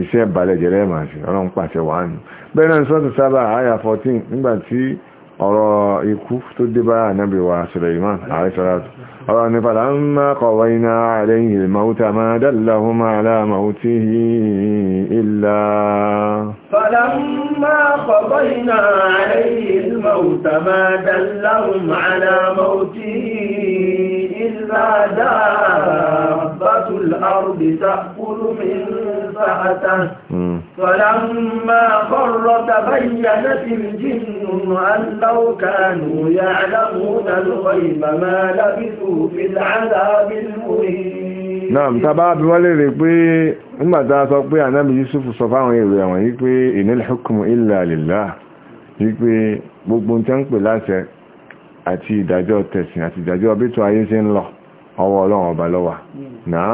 iṣẹ́ balẹ̀jẹ̀ lẹ́màá sí ọlọ́run pàṣẹ wà nù bẹ́ẹ̀ náà sọ́tù sábà àyà 14 nígbàtí ọ̀rọ̀ ikú tó dé bá ànábì wa Suleiman ààrẹ sọ́rọ̀ قال فلما قضينا عليه الموت ما دلهم على موته إلا فلما قضينا عليه الموت ما دلهم على موته إلا دابة الأرض تأكل من سعته فَلَمَّا فر تبينت الجن أن كَانُوا يَعْلَمُونَ الْغَيْبَ مَا ما لبثوا في العذاب المهين نعم تبا bí wọ́n lè rí pé nígbàtà sọ pé ànábì Yusuf sọ fáwọn èrò ẹ̀wọ̀n yí pé inil hukmu illa lillah yí pé gbogbo tẹ́ ń pè láṣẹ àti ìdájọ́ tẹ̀sìn àti ìdájọ́ bí tó ayé ṣe ń lọ ọwọ́ Ọlọ́run ọba ló náà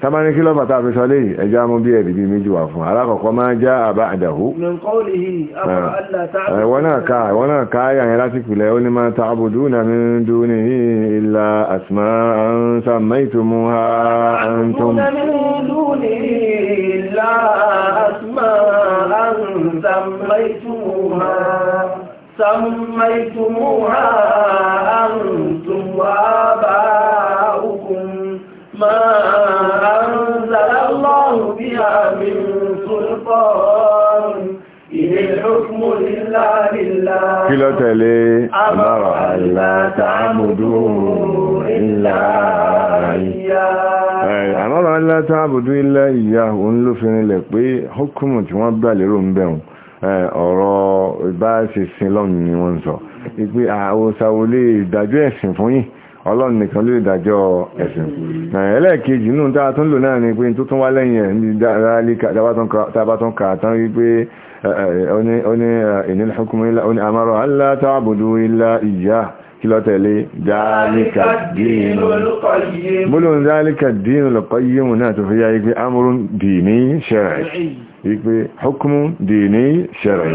tamani kí ló bàtà fi sọ léyìn ẹjá mú bí ẹ̀rí bí méjì wà fún alákọ̀ọ́kọ́ máa já àbá àdàhù wọ́n náà ká yàyìn láti pìlẹ̀ ó ní máa tààbùdú na min dunihi illa asma'an sammaytumuha antum سميتموها أنتم وآباؤكم ما أنزل الله بها من سلطان إن الحكم لله لله كلا تلي أمر ألا تعبدوا إلا إياه أمر ألا تعبدوا إلا إياه òun ló fi rinlẹ̀ pé hukumu tí wọ́n gbà lérò ń bẹ̀rùn ọ̀rọ̀ ìbáṣe sin lọ́nà ni wọ́n ń sọ ìpé àwòsàwò lè ẹ̀sìn fún yìí ọlọ́run nìkan ló lè dájọ́ ẹ̀sìn ẹlẹ́ẹ̀kejì nínú tá a tún lò náà ni pé tó tún wá lẹ́yìn ẹ̀ ní dáadáa tábà tún kà tán rí pé ó ní ìnílẹ̀ hukumu ilá ó ní amárọ̀ allá ta'budu illa iyyah kí ló tẹ̀lé bólóhùn dáálíkà dínú lọ́kọ́ yíò náà tó fi yá ipé amúrún dìní ṣẹ̀rẹ̀ ipé hukumu dìní ṣẹ̀rẹ̀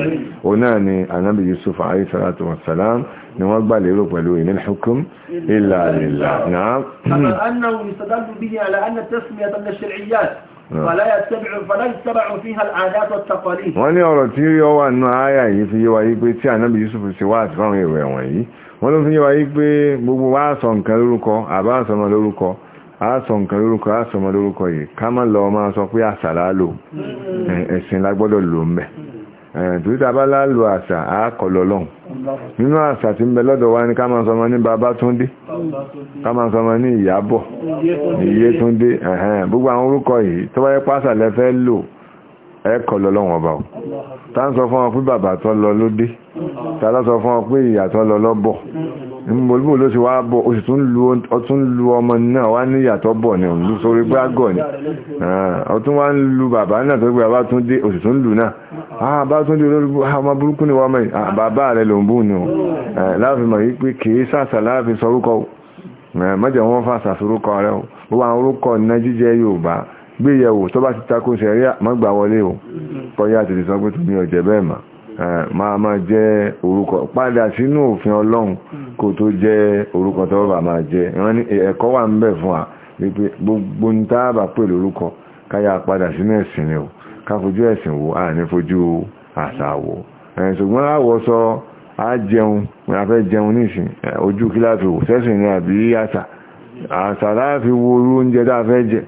o náà ni anábi yusuf alayhi salatu wa salam ni wọ́n gbà lérò pẹ̀lú inil hukum illa lillah náà wọ́n ní ọ̀rọ̀ tí ó wà nínú àyà yìí fi yé wa yìí pé tí ànábì Yusuf ṣe wá àti fáwọn èrò ẹ̀wọ̀n yìí wọ́n ló fi yé wa yìí pé gbogbo wa sọ nǹkan lórúkọ àbá sọmọ lórúkọ àásọ lórúkọ àásọmọ lórúkọ yìí ká má lọ máa sọ pé àṣà lálò mm. ẹ̀sìn lágbọ́dọ̀ lò mẹ́ Eh, tòlítà bá lálù àṣà àákọlọ̀lọ́n nínú àṣà tí ń bẹ lọ́dọ̀ wa ní ká máa sọmọ ní Babátúndé ká máa sọmọ ní Ìyábọ̀ Ìyétúndé gbogbo àwọn orúkọ yìí tó wáyé pásà lẹ́fẹ́ lò ẹ́kọlọ̀lọ́n ọba ò tá ń sọ fún ọ pé bàbá tó lọ lóde tá mbọ̀lúmọ̀ ló ti wá bọ̀ oṣù tún lu ọmọ náà wá ní ìyàtọ̀ bọ̀ ní òun ló sórí pé àgọ̀ ni ọtún ah, wá ń lu bàbá náà tó gbé bàbá tún dé oṣù tún lù náà ah tún dé olórí ah, ọmọ burúkú ni wọ́n mẹ́rin ah, bàbá rẹ̀ ló ń bù ní òun láàfin mọ̀ wípé kìí sàṣà láàfin sọ orúkọ eh, mọ́jẹ̀ wọ́n fà sàṣorúkọ rẹ̀ o ó wà orúkọ iná jíjẹ Yorùbá gbéyẹ̀wò tó bá ti takò sẹ̀ríà mọ́gbà wọlé o kọ́ yá ní ọ̀jẹ̀ bẹ́ẹ̀ mọ́ máa máa jẹ́ orúkọ padà sínú òfin ọlọ́run kó tó jẹ́ orúkọ tó bá máa jẹ́ ẹ̀kọ́ wà ń bẹ̀ fún wa wípé gbogbo ń tá bá pè lórúkọ káyà padà sínú ẹ̀sìn ni o káfojú ẹ̀sìn wo a ní fojú àṣà ṣùgbọ́n àwọ̀ a jẹun a fẹ́ jẹun nísìn ojú kí sẹ́sìn ni àbí àṣà àṣà láti wo orú oúnjẹ tá a fẹ́ jẹ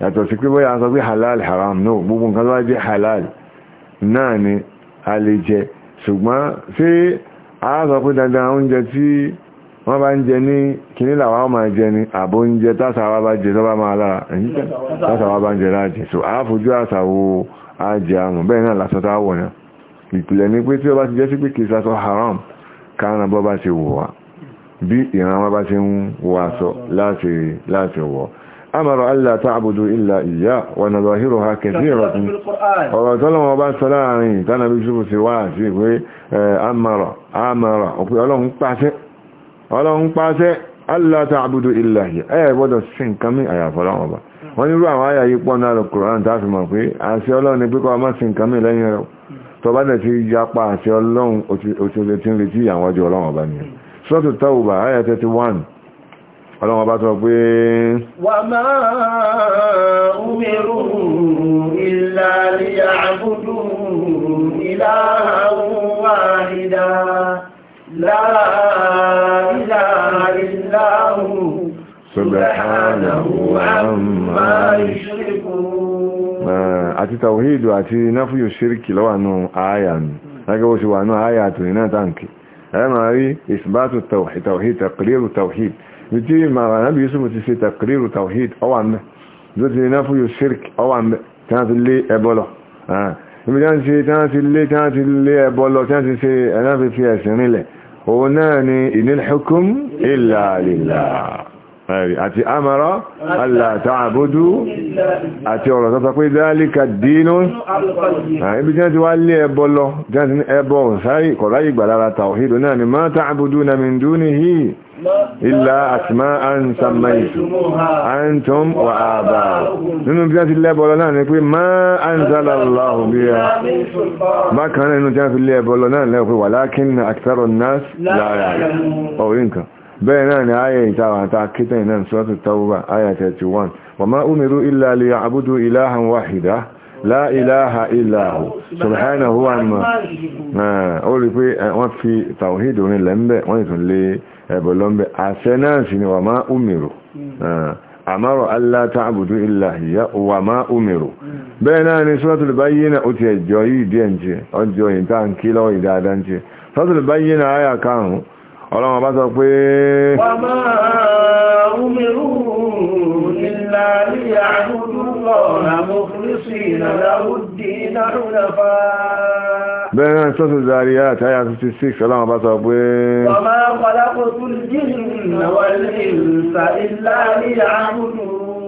yàtọ̀ sí pé bóyá sọ pé halal haram náà gbogbo nǹkan tó wá jẹ́ halal náà ni a lè jẹ ṣùgbọ́n ṣé a sọ pé dandan oúnjẹ tí wọ́n bá ń jẹ ní kìíní làwọn ọmọ jẹ ní àbò oúnjẹ tásàwà bá jẹ tọ́bá máa lára ẹ̀yìn tásàwà bá ń jẹ láàjẹ so a àṣàwò ajẹ àrùn bẹ́ẹ̀ náà lásán táwọ̀ náà ìpìlẹ̀ ní pé tí ó bá ti jẹ́ sí pé kìí haram kárànà bọ́ bá ṣe wọ̀ wá bí ìran wọn bá ṣe ń wọ aṣọ láti wọ̀ أمر ألا تعبدوا إلا إياه ونظاهرها كثيرة وقالوا وبعد سلامي كان بيشوف سواسي أمر أمر وقالوا مقاسي قالوا مقاسي ألا تعبدوا إلا إياه أي بدا السن كمي أي فلان وبا wọ́n nírú àwọn àyà yìí pọ́nà alùkùrán tàbí mọ̀ pé àṣẹ ọlọ́run ní pípọ̀ ọmọ sí nǹkan mìí lẹ́yìn rẹ̀ tó bá dẹ̀ ti yapa àṣẹ ọlọ́run òtí lè tí ń retí àwọn ọjọ́ ọlọ́run ọba nìyẹn sọ́tù Tawbah àyà 31 ọlọ́wọ́ bá sọ pé wà máa umiru illa liya'budu ilahan wahida la ilaha illa hu subhanahu amma yushrikun àti tàwíìdù àti náfíyù ṣíríkì lọ́wànú àáyà nù lágbàwó sí wà ní àáyà àtòrìnà tàǹkì ẹ̀rọ rí ìsìbátù tàwíìdù tàwíìdù bí tí Ànábì Yusuf ti ṣe takriru tawhid ọwà mẹ́ ló ti ní náfúyù shirk ọwà mẹ́ tí wọ́n ti lé ẹbọ lọ ibi tí wọ́n ti tí wọ́n ti lé tí wọ́n ti lé ẹbọ lọ tí wọ́n ti ṣe ẹ̀nàfi fi ẹ̀sìn rinlẹ̀ òun náà ni inil hukum illa lillah àti amara alla ta'budu àti ọ̀rọ̀ tọ́ta pé dhalika dínú ibi tí wọ́n ti wá lé ẹbọ lọ tí wọ́n ti ní gbàlára tawhid náà ni ma ta'buduna min dunihi illa asma'an sammaytum antum wa aba'ukum nínú bí wọ́n ti lẹ́bọ̀lọ́ náà ni pé ma anzala Allahu biha bákan náà nínú tí wọ́n fi lẹ́bọ̀lọ́ náà lẹ́wọ̀ pé walakinna akthara an-nas la ya'lamun orí nǹkan bẹ́ẹ̀ náà ni ayẹ ìtawà ta kítan náà sọ́tù tawba ayẹ 31 wa ma umiru illa liya'budu ẹ̀bọ̀ lọ́mbẹ̀ àṣẹ náà sí ni wà máa allah àmárọ̀ aláta àbùdó ilá ìyá wà máa umiru hmm. ah, hmm. bẹ́ẹ̀ náà ni suratul bayyina ó ti ẹjọ́ yìí díẹ̀ ń jẹ ọjọ́ ìta ń ọlọ́run bá sọ pé wa ma umiru illa liya'budu Allaha mukhlisina lahu-d-din hunafa bẹ́ẹ̀rẹ̀ sọ́sọ̀ zari yá àtàyà 56 ọlọ́run bá sọ pé wa ma insa illa liya'budun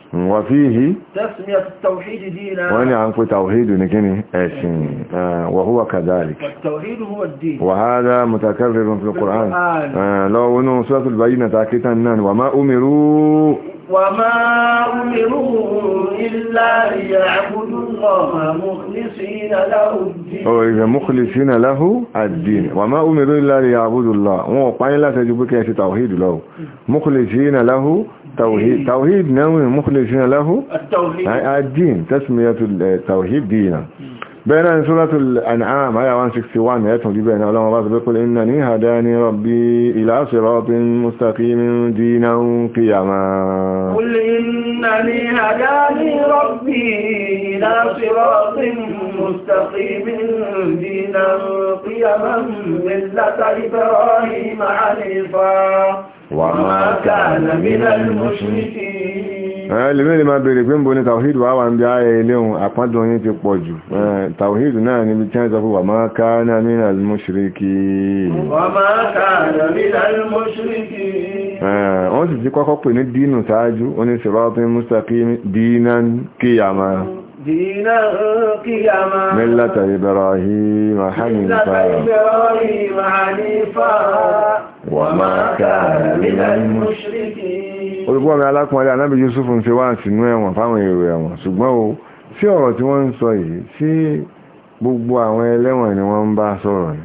وفيه تسمية التوحيد دينا واني عنك توحيد نكني اشين إيه. وهو كذلك التوحيد هو الدين وهذا متكرر في القرآن آه، لو انه سورة البينة تاكيتا وما امروا وما امروا الا ليعبدوا الله مخلصين له الدين اذا مخلصين له الدين وما امروا الا ليعبدوا الله وقال لا تجبك يا توحيد له مخلصين له توحيد إيه. توحيد نوي مخلصين له التوحيد يعني الدين تسمية التوحيد دينا بين سورة الأنعام آية 161 آياتهم دي بين الله وبعض إنني هداني ربي إلى صراط مستقيم دينا قياما قل إنني هداني ربي إلى صراط مستقيم دينا قياما ملة إبراهيم حنيفا وما كان من المشركين ẹlẹ́mí lè máa bèèrè pé ń bo ní tàwíìdù wà wà ń bí ayẹ iléhun àpádùn yí ti pọ̀ jù tàwíìdù náà níbi tí wọ́n sọ fún wa ma kana minal mushrikin wa ma kana minal mushrikin wọ́n sì ti kọ́kọ́ pè ní dínù sáájú oníṣẹ́rọ́ pín mustaqim dínan kíyàmá دينا قياما ملة إبراهيم حنيفا إبراهيم حنيفا وما كان من المشركين olùgbọ́n mi alákùnrin anábì Yusuf ń ṣe wá sínú ẹ̀wọ̀n fáwọn èrò ẹ̀wọ̀n ṣùgbọ́n o sí ọ̀rọ̀ tí wọ́n ń sọ yìí gbogbo àwọn ẹlẹ́wọ̀n ni wọ́n ń bá sọ̀rọ̀ ni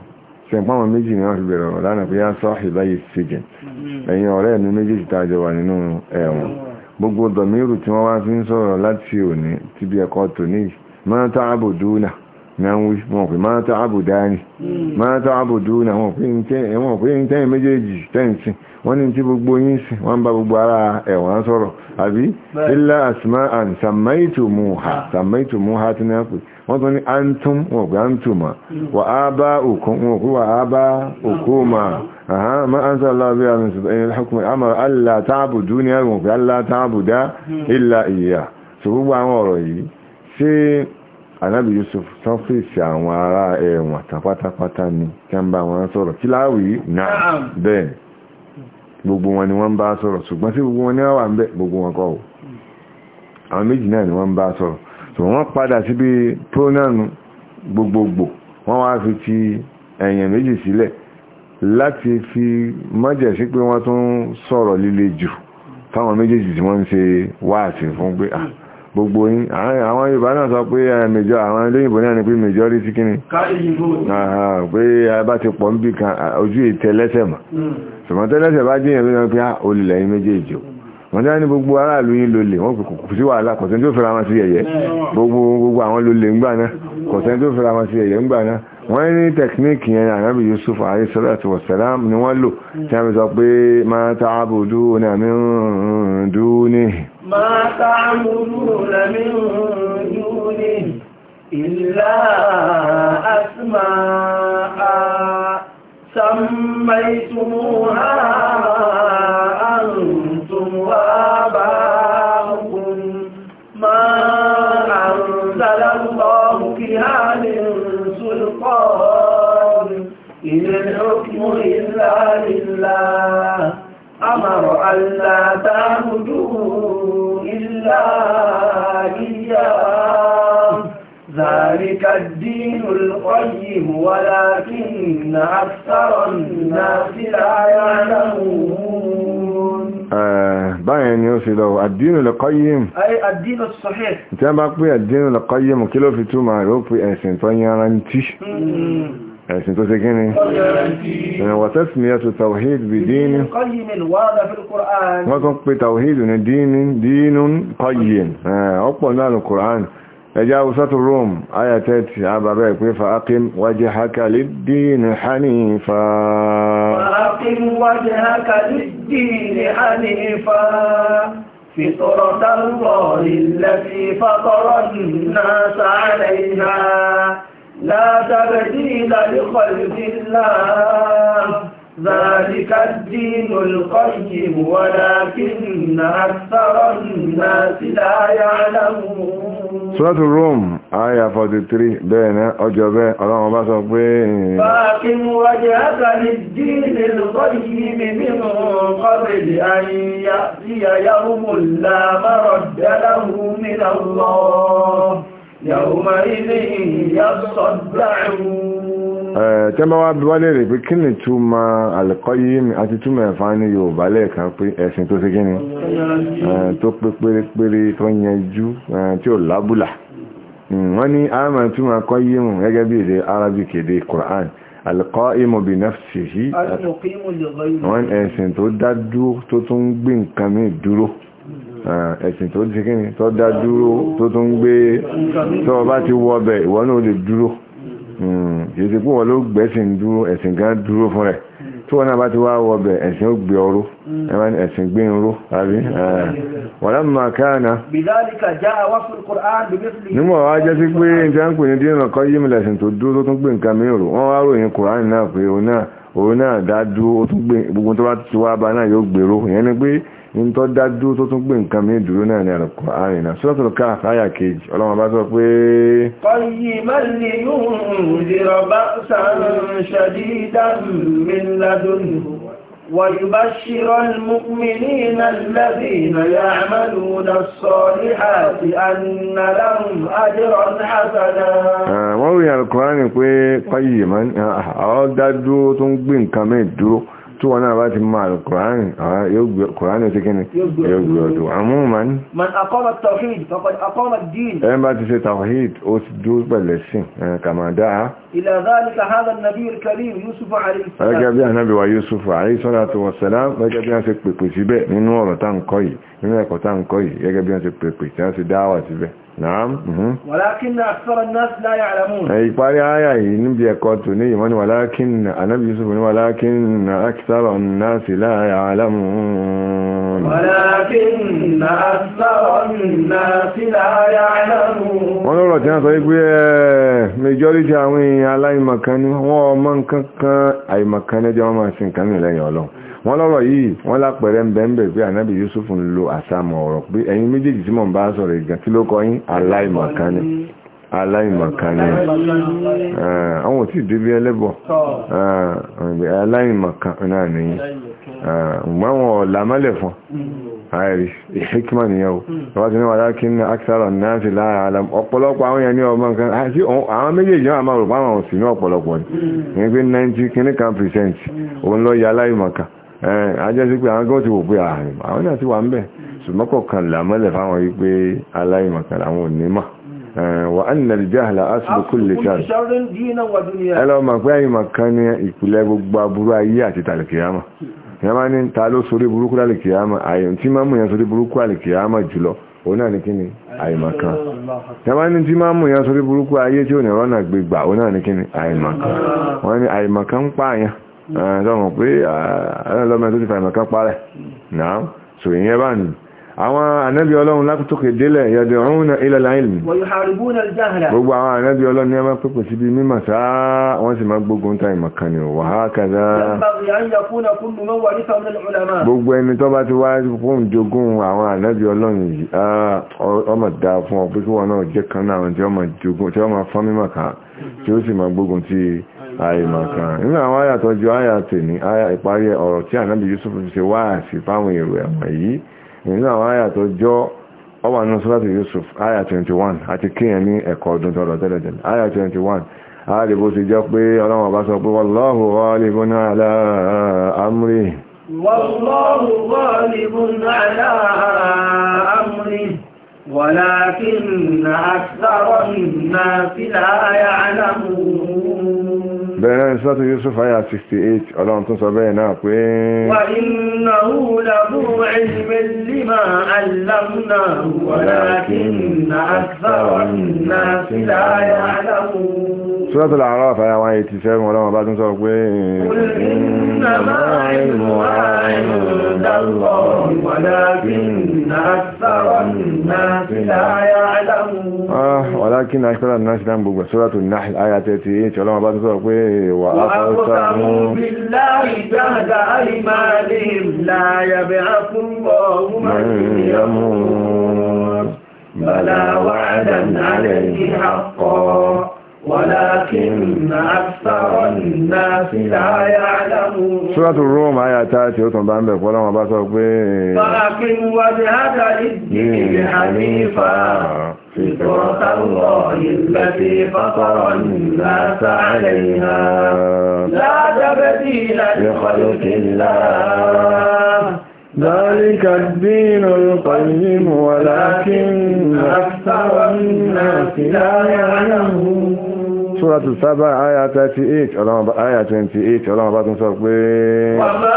sẹ̀páwọn méjì ni wọ́n fi bẹ̀rẹ̀ ọ̀rọ̀ lánàá pé yá sọ́ọ̀hì báyìí ṣèjẹ̀ mm-hmm. ẹ̀yin ọ̀rẹ́ mi méjì ti tàjọ wà nínú ẹ̀wọ̀n gbogbo dọ̀míru tí wọ́n wá fi ń sọ̀rọ̀ láti òní tí bí ẹ̀kọ́ tòní máa tá àbòdúnà náà wí wọ́n pè máa tá àbòdáni hmm. máa tá àbòdúnà wọ́n pè ń tẹ́yìn méjèèjì tẹ́ǹsì wọ́n ní tí gbogbo yín sí wọ́n bá gbogbo ara ẹ̀wọ̀n sọ̀rọ̀ àbí illa asma'an sammaytumuha ah. tí wọ́n tún ní antum ọ̀gbà antuma wà á bá òkun wà á bá òkúma ma an sá aláwọ̀ bí i àmì ṣùgbọ́n ilẹ̀ hukumar amara allah táàbù dúnìyà wọn pé allah táàbù dá ilá ìyà so gbogbo àwọn ọ̀rọ̀ yìí ṣe anábì yusuf tán àwọn ará ẹ̀wọ̀n tapátápátá ni kí wọn sọ̀rọ̀ kí láwìí náà bẹ́ẹ̀ so wọ́n padà síbi pronoun gbogbogbò wọ́n wá fi ti ẹ̀yàn méjì sílẹ̀ láti fi mọ́jẹ̀ sí pé wọ́n tún sọ̀rọ̀ líle jù fáwọn méjèèjì tí wọ́n ń ṣe wáàsí fún pé ah gbogbo yín àwọn yorùbá náà sọ pé ah, mẹjọ àwọn iléyìnbó náà ni pé majority kíni pé bá ti pọ̀ ń bí kan ojú ìtẹ́lẹ́sẹ̀ mọ̀ hmm. ṣùgbọ́n tẹ́lẹ́sẹ̀ bá jíyàn lórí pé ó ah, lè méjèèjì o wọ́n tí wọ́n ní gbogbo aráàlú yín lólè wọ́n kò sí wàhálà kọ̀sẹ́ tó fẹ́ra wọn sí ẹ̀yẹ gbogbo gbogbo àwọn lólè ńgbà náà kọ̀sẹ́ tó fẹ́ra wọn sí ẹ̀yẹ ńgbà náà wọ́n ní tẹ̀kíníkì yẹn ànábì Yusuf alayhi salatu wa salam ni wọ́n lò tí wọ́n sọ pé ma ta'buduna min duni ma ta'buduna min duni illa asma'a sammaytumuha وآباؤكم ما أنزل الله بها من سلطان إن الحكم إلا لله أمر أن لا تعبدوا إلا إياه ذلك الدين القيم ولكن أكثر الناس لا يعلمون báyẹn ni ó sì lọ àdínú lẹ́kọ́yìm àdínú sọ́hẹ́ tí a bá pé àdínú lẹ́kọ́yìm kí ló fi túmọ̀ yóò pé ẹ̀sìn tó yanrantí hmm. ẹ̀sìn tó ṣe gíní wàtẹ́sìmíyà tó tàwíhìd bí dínú wọ́n tún pé tàwíhìd ní dínú qayyim ọ̀pọ̀ náà ẹjá usatu rom ayatẹ́tì àbàbẹ̀ pé fa'akim wájẹ́ hakali dínì hanifa fa'akim wájẹ́ hakali dínì hanifa فطرة الله التي فطر الناس عليها لا تبديل لخلق الله ذلك الدين القيم ولكن أكثر الناس لا يعلمون سورة الروم آية 43 بين أجابة الله ما سبين فاقم وجهك للدين القيم من قبل أن يأتي يوم لا مرد له من الله يومئذ يصدعون Eh, tẹ́mbà wá bí wálé rẹ̀ pé kí ni túmọ̀ alqayyim àti túmọ̀ ẹ̀fà ní yorùbá lẹ́ẹ̀kan pé ẹ̀sìn tó ṣe gíní eh, tó pé pérépéré tó yẹnjú eh, tí ó lábùlà hmm, wọ́n ní àmà túmọ̀ qayyim gẹ́gẹ́ bí èdè arabic èdè quran alqayyim bi nafsihi wọ́n ẹ̀sìn tó dádúró ṣe gíní tó dádúró tó tún gbé tó bá ti wọ́ bẹ̀ ìwọ náà lè dúró yìí hmm. ti pé wọn ló gbẹ́sìn dúró ẹ̀sìn gan dúró fún rẹ̀ tí wọn náà bá ti wá wọbẹ̀ ẹ̀sìn ó gbé ọrú hmm. ẹ̀sìn gbé irú àbí wọn lọ́nà máa káàna. nímọ̀ wá jẹ́ sí pé ní sáà ń pè ní dínà kọ́ yí mi lẹ̀sìn tó dúró tó tún gbé nǹkan mìíràn wọ́n wá ròyìn kùránì náà pé òun náà dá dúró ó tún gbé gbogbo tó bá ti wá bá náà yóò gbèrò ìyẹn ni pé in tó dájú tó tún gbé nǹkan mìí dúró náà ní àrùkù àrìnà Suratul Kahf àyà kejì ọlọ́run bá sọ pé ah, wọ́n rí àlùkùránì pé qayyiman àwọn ah, ah, dájú tó ń gbé nǹkan mìí dúró tó wọn náà bá ti máa lọ kùránì kùránì tí kíni yóò gbé ọdún àmúhùnmáni ẹ̀yìn bá ti ṣe tawhid ó ti dúró pẹ̀lẹ̀ sí kàmàdá gẹ́gẹ́ bí anábí wa yusuf àríṣọ́látò wọ̀sẹ̀lá gẹ́gẹ́ bí a ṣe pèpè síbẹ̀ nínú ọ̀rọ̀ tá ń kọ́ yìí nínú ẹ̀kọ́ tá ń kọ́ yìí gẹ́gẹ́ bí a ṣe pèpè tí a ṣe dáwà síbẹ̀ Naam. Wàlákínà àṣọ́rọ̀ náà sí láyé àlàmù. Ìparí ayà yìí níbi ẹ̀kọ́ tò ní ìwọ́n ni wàlákínà, Ànábì Yusuf ni wàlákínà àṣọ́rọ̀ náà sí láyé àlàmù. Wàlákínà àṣọ́rọ̀ náà sí láyé àlàmù. Wọ́n lọ́rọ̀ tí wọ́n sọ wọ́n lọ́rọ̀ yìí wọ́n lápẹẹrẹ ń bẹ̀ẹ́ pé ànábì Yusuf ń lo àsàmọ̀ ọ̀rọ̀ pé ẹ̀yin méjèèjì tí mò ń bá sọ̀rọ̀ ìgbà tí ló kọ yín aláìmọ̀kánì aláìmọ̀kánì àwọn òtí ìdíbí ẹlẹ́bọ̀ aláìmọ̀kánì náà nìyí ṣùgbọ́n wọn ọ̀la mọ́lẹ̀ fún àìrí ìṣẹ́kímọ̀ nìyẹn o ọba tí ní wàdá kí ní akitara náà sí láàrín alam ọ̀pọ̀lọpọ̀ àwọn èèyàn ọmọ nǹkan àwọn méjèèjì náà ọ̀pọ̀lọpọ̀ ní 90 òun lọ yà aláìmọ̀kánì ajẹ́sí pé àwọn gọ́ọ̀tí wò pé àwọn náà sí wà ń bẹ̀ ṣùgbọ́kọ̀ kan làmọ́lẹ̀ fáwọn yí aláìmọ̀kan àwọn onímọ̀ wà annal jahla aslu kulli shar ẹlọ́mà pé àìmọ̀kan ní ìpìlẹ̀ gbogbo aburú ayé àti tàlìkìyàmà ní ta ló burúkú tí máa mú yẹn burúkú jùlọ òun náà kí ni àìmọ̀kan yàmá ní tí máa mú yẹn burúkú ayé tí ò ní rọ́nà òun náà kí ni àìmọ̀kan wọ́n àìmọ̀kan ń pààyàn sọmọ eh, pé alẹ́lọ́mọ eh, tó ti fàìmọ̀ kan parẹ̀ náà sò ìyẹn bá ní àwọn ànábì ọlọ́run lákòókè délẹ̀ yad'una ila al-ilm gbogbo àwọn ànábì ọlọ́run ní ẹmọ́ pípò sí bí mímọ̀ sáá wọ́n sì máa gbógun ta kan ni wa hakaza gbogbo àìmọ̀kan nínú àwọn àyàtọ̀ ju àyàtọ̀ ní ìparí ọ̀rọ̀ tí ànábì Yusuf fi ṣe wáàsí fáwọn èrò ẹ̀wọ̀n yìí nínú àwọn àyàtọ̀ jọ ọwà nínú Yusuf àyà 21 àti kíyàn ní ẹ̀kọ́ ọdún tọ́lọ tẹ́lẹ̀tẹ́lẹ̀ àyà 21 ti jọ pé ọlọ́wọ̀n bá sọ pé bẹ̀rẹ̀ ní sọ́tù Yusuf ayà 68 ọlọ́run tún sọ bẹ́ẹ̀ náà pé wà iná hùlàbù ẹ̀lẹ́gbẹ̀ lima alámúnà wàlákínà àkàrà náà sílá ayà aláwò sọ́tù làárọ̀ fàyà 187 ọlọ́run bá tún sọ pé wàlákínà àkàrà náà sílá gbogbo sọ́tù náà ayà 38 ọlọ́run bá tún sọ pé وأقسموا بالله جهد أيمانهم لا يبعث الله من يموت بلى وعدا عليه حقا ولكن أكثر الناس لا يعلمون سورة الروم آية تاتي وتم بامبك ولا ما بصر فأقم وجهك للدين حنيفا فطرة الله التي فطر الناس عليها لا تبديل لخلق الله ذلك الدين القيم ولكن أكثر الناس لا يعلمون سورة السبع آية 38 آية 28 الله أكبر وما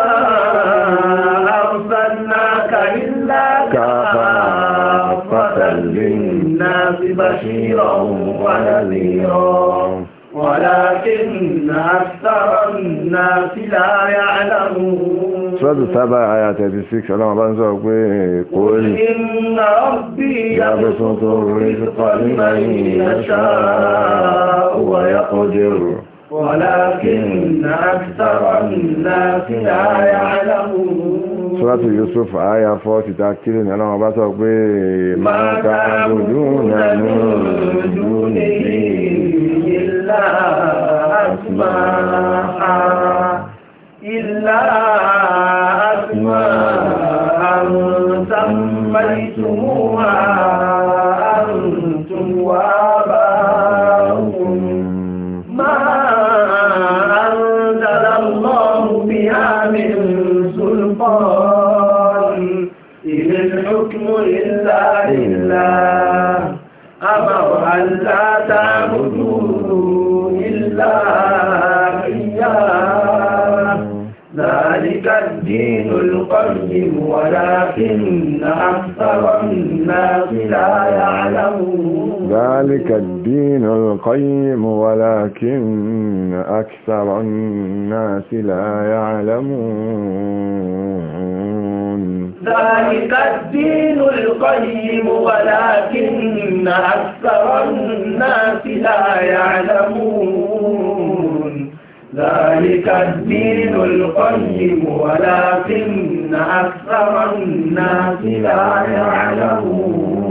للناس بشيرا ونذيرا ولكن أكثر الناس لا يعلمون سورة السابع آية 36 ألم أبان سأقول قل إن ربي يبسط الرزق لمن يشاء ويقدر ولكن أكثر الناس لا يعلمون Suratu Yusuf àyà 40 ta kílì ní ọlọ́wọ́ bá sọ pé máa ká ojú nánú ojú nílé ìlà àtúmọ̀ àà ìlà أنت تعبد تعبدوا إلا إياه ذلك الدين القيم ولكن أكثر الناس لا يعلمون ذلك الدين القيم ولكن أكثر الناس لا يعلمون ذلك الدين القيم ولكن أكثر الناس لا يعلمون ذلك الدين القيم ولكن أكثر الناس لا يعلمون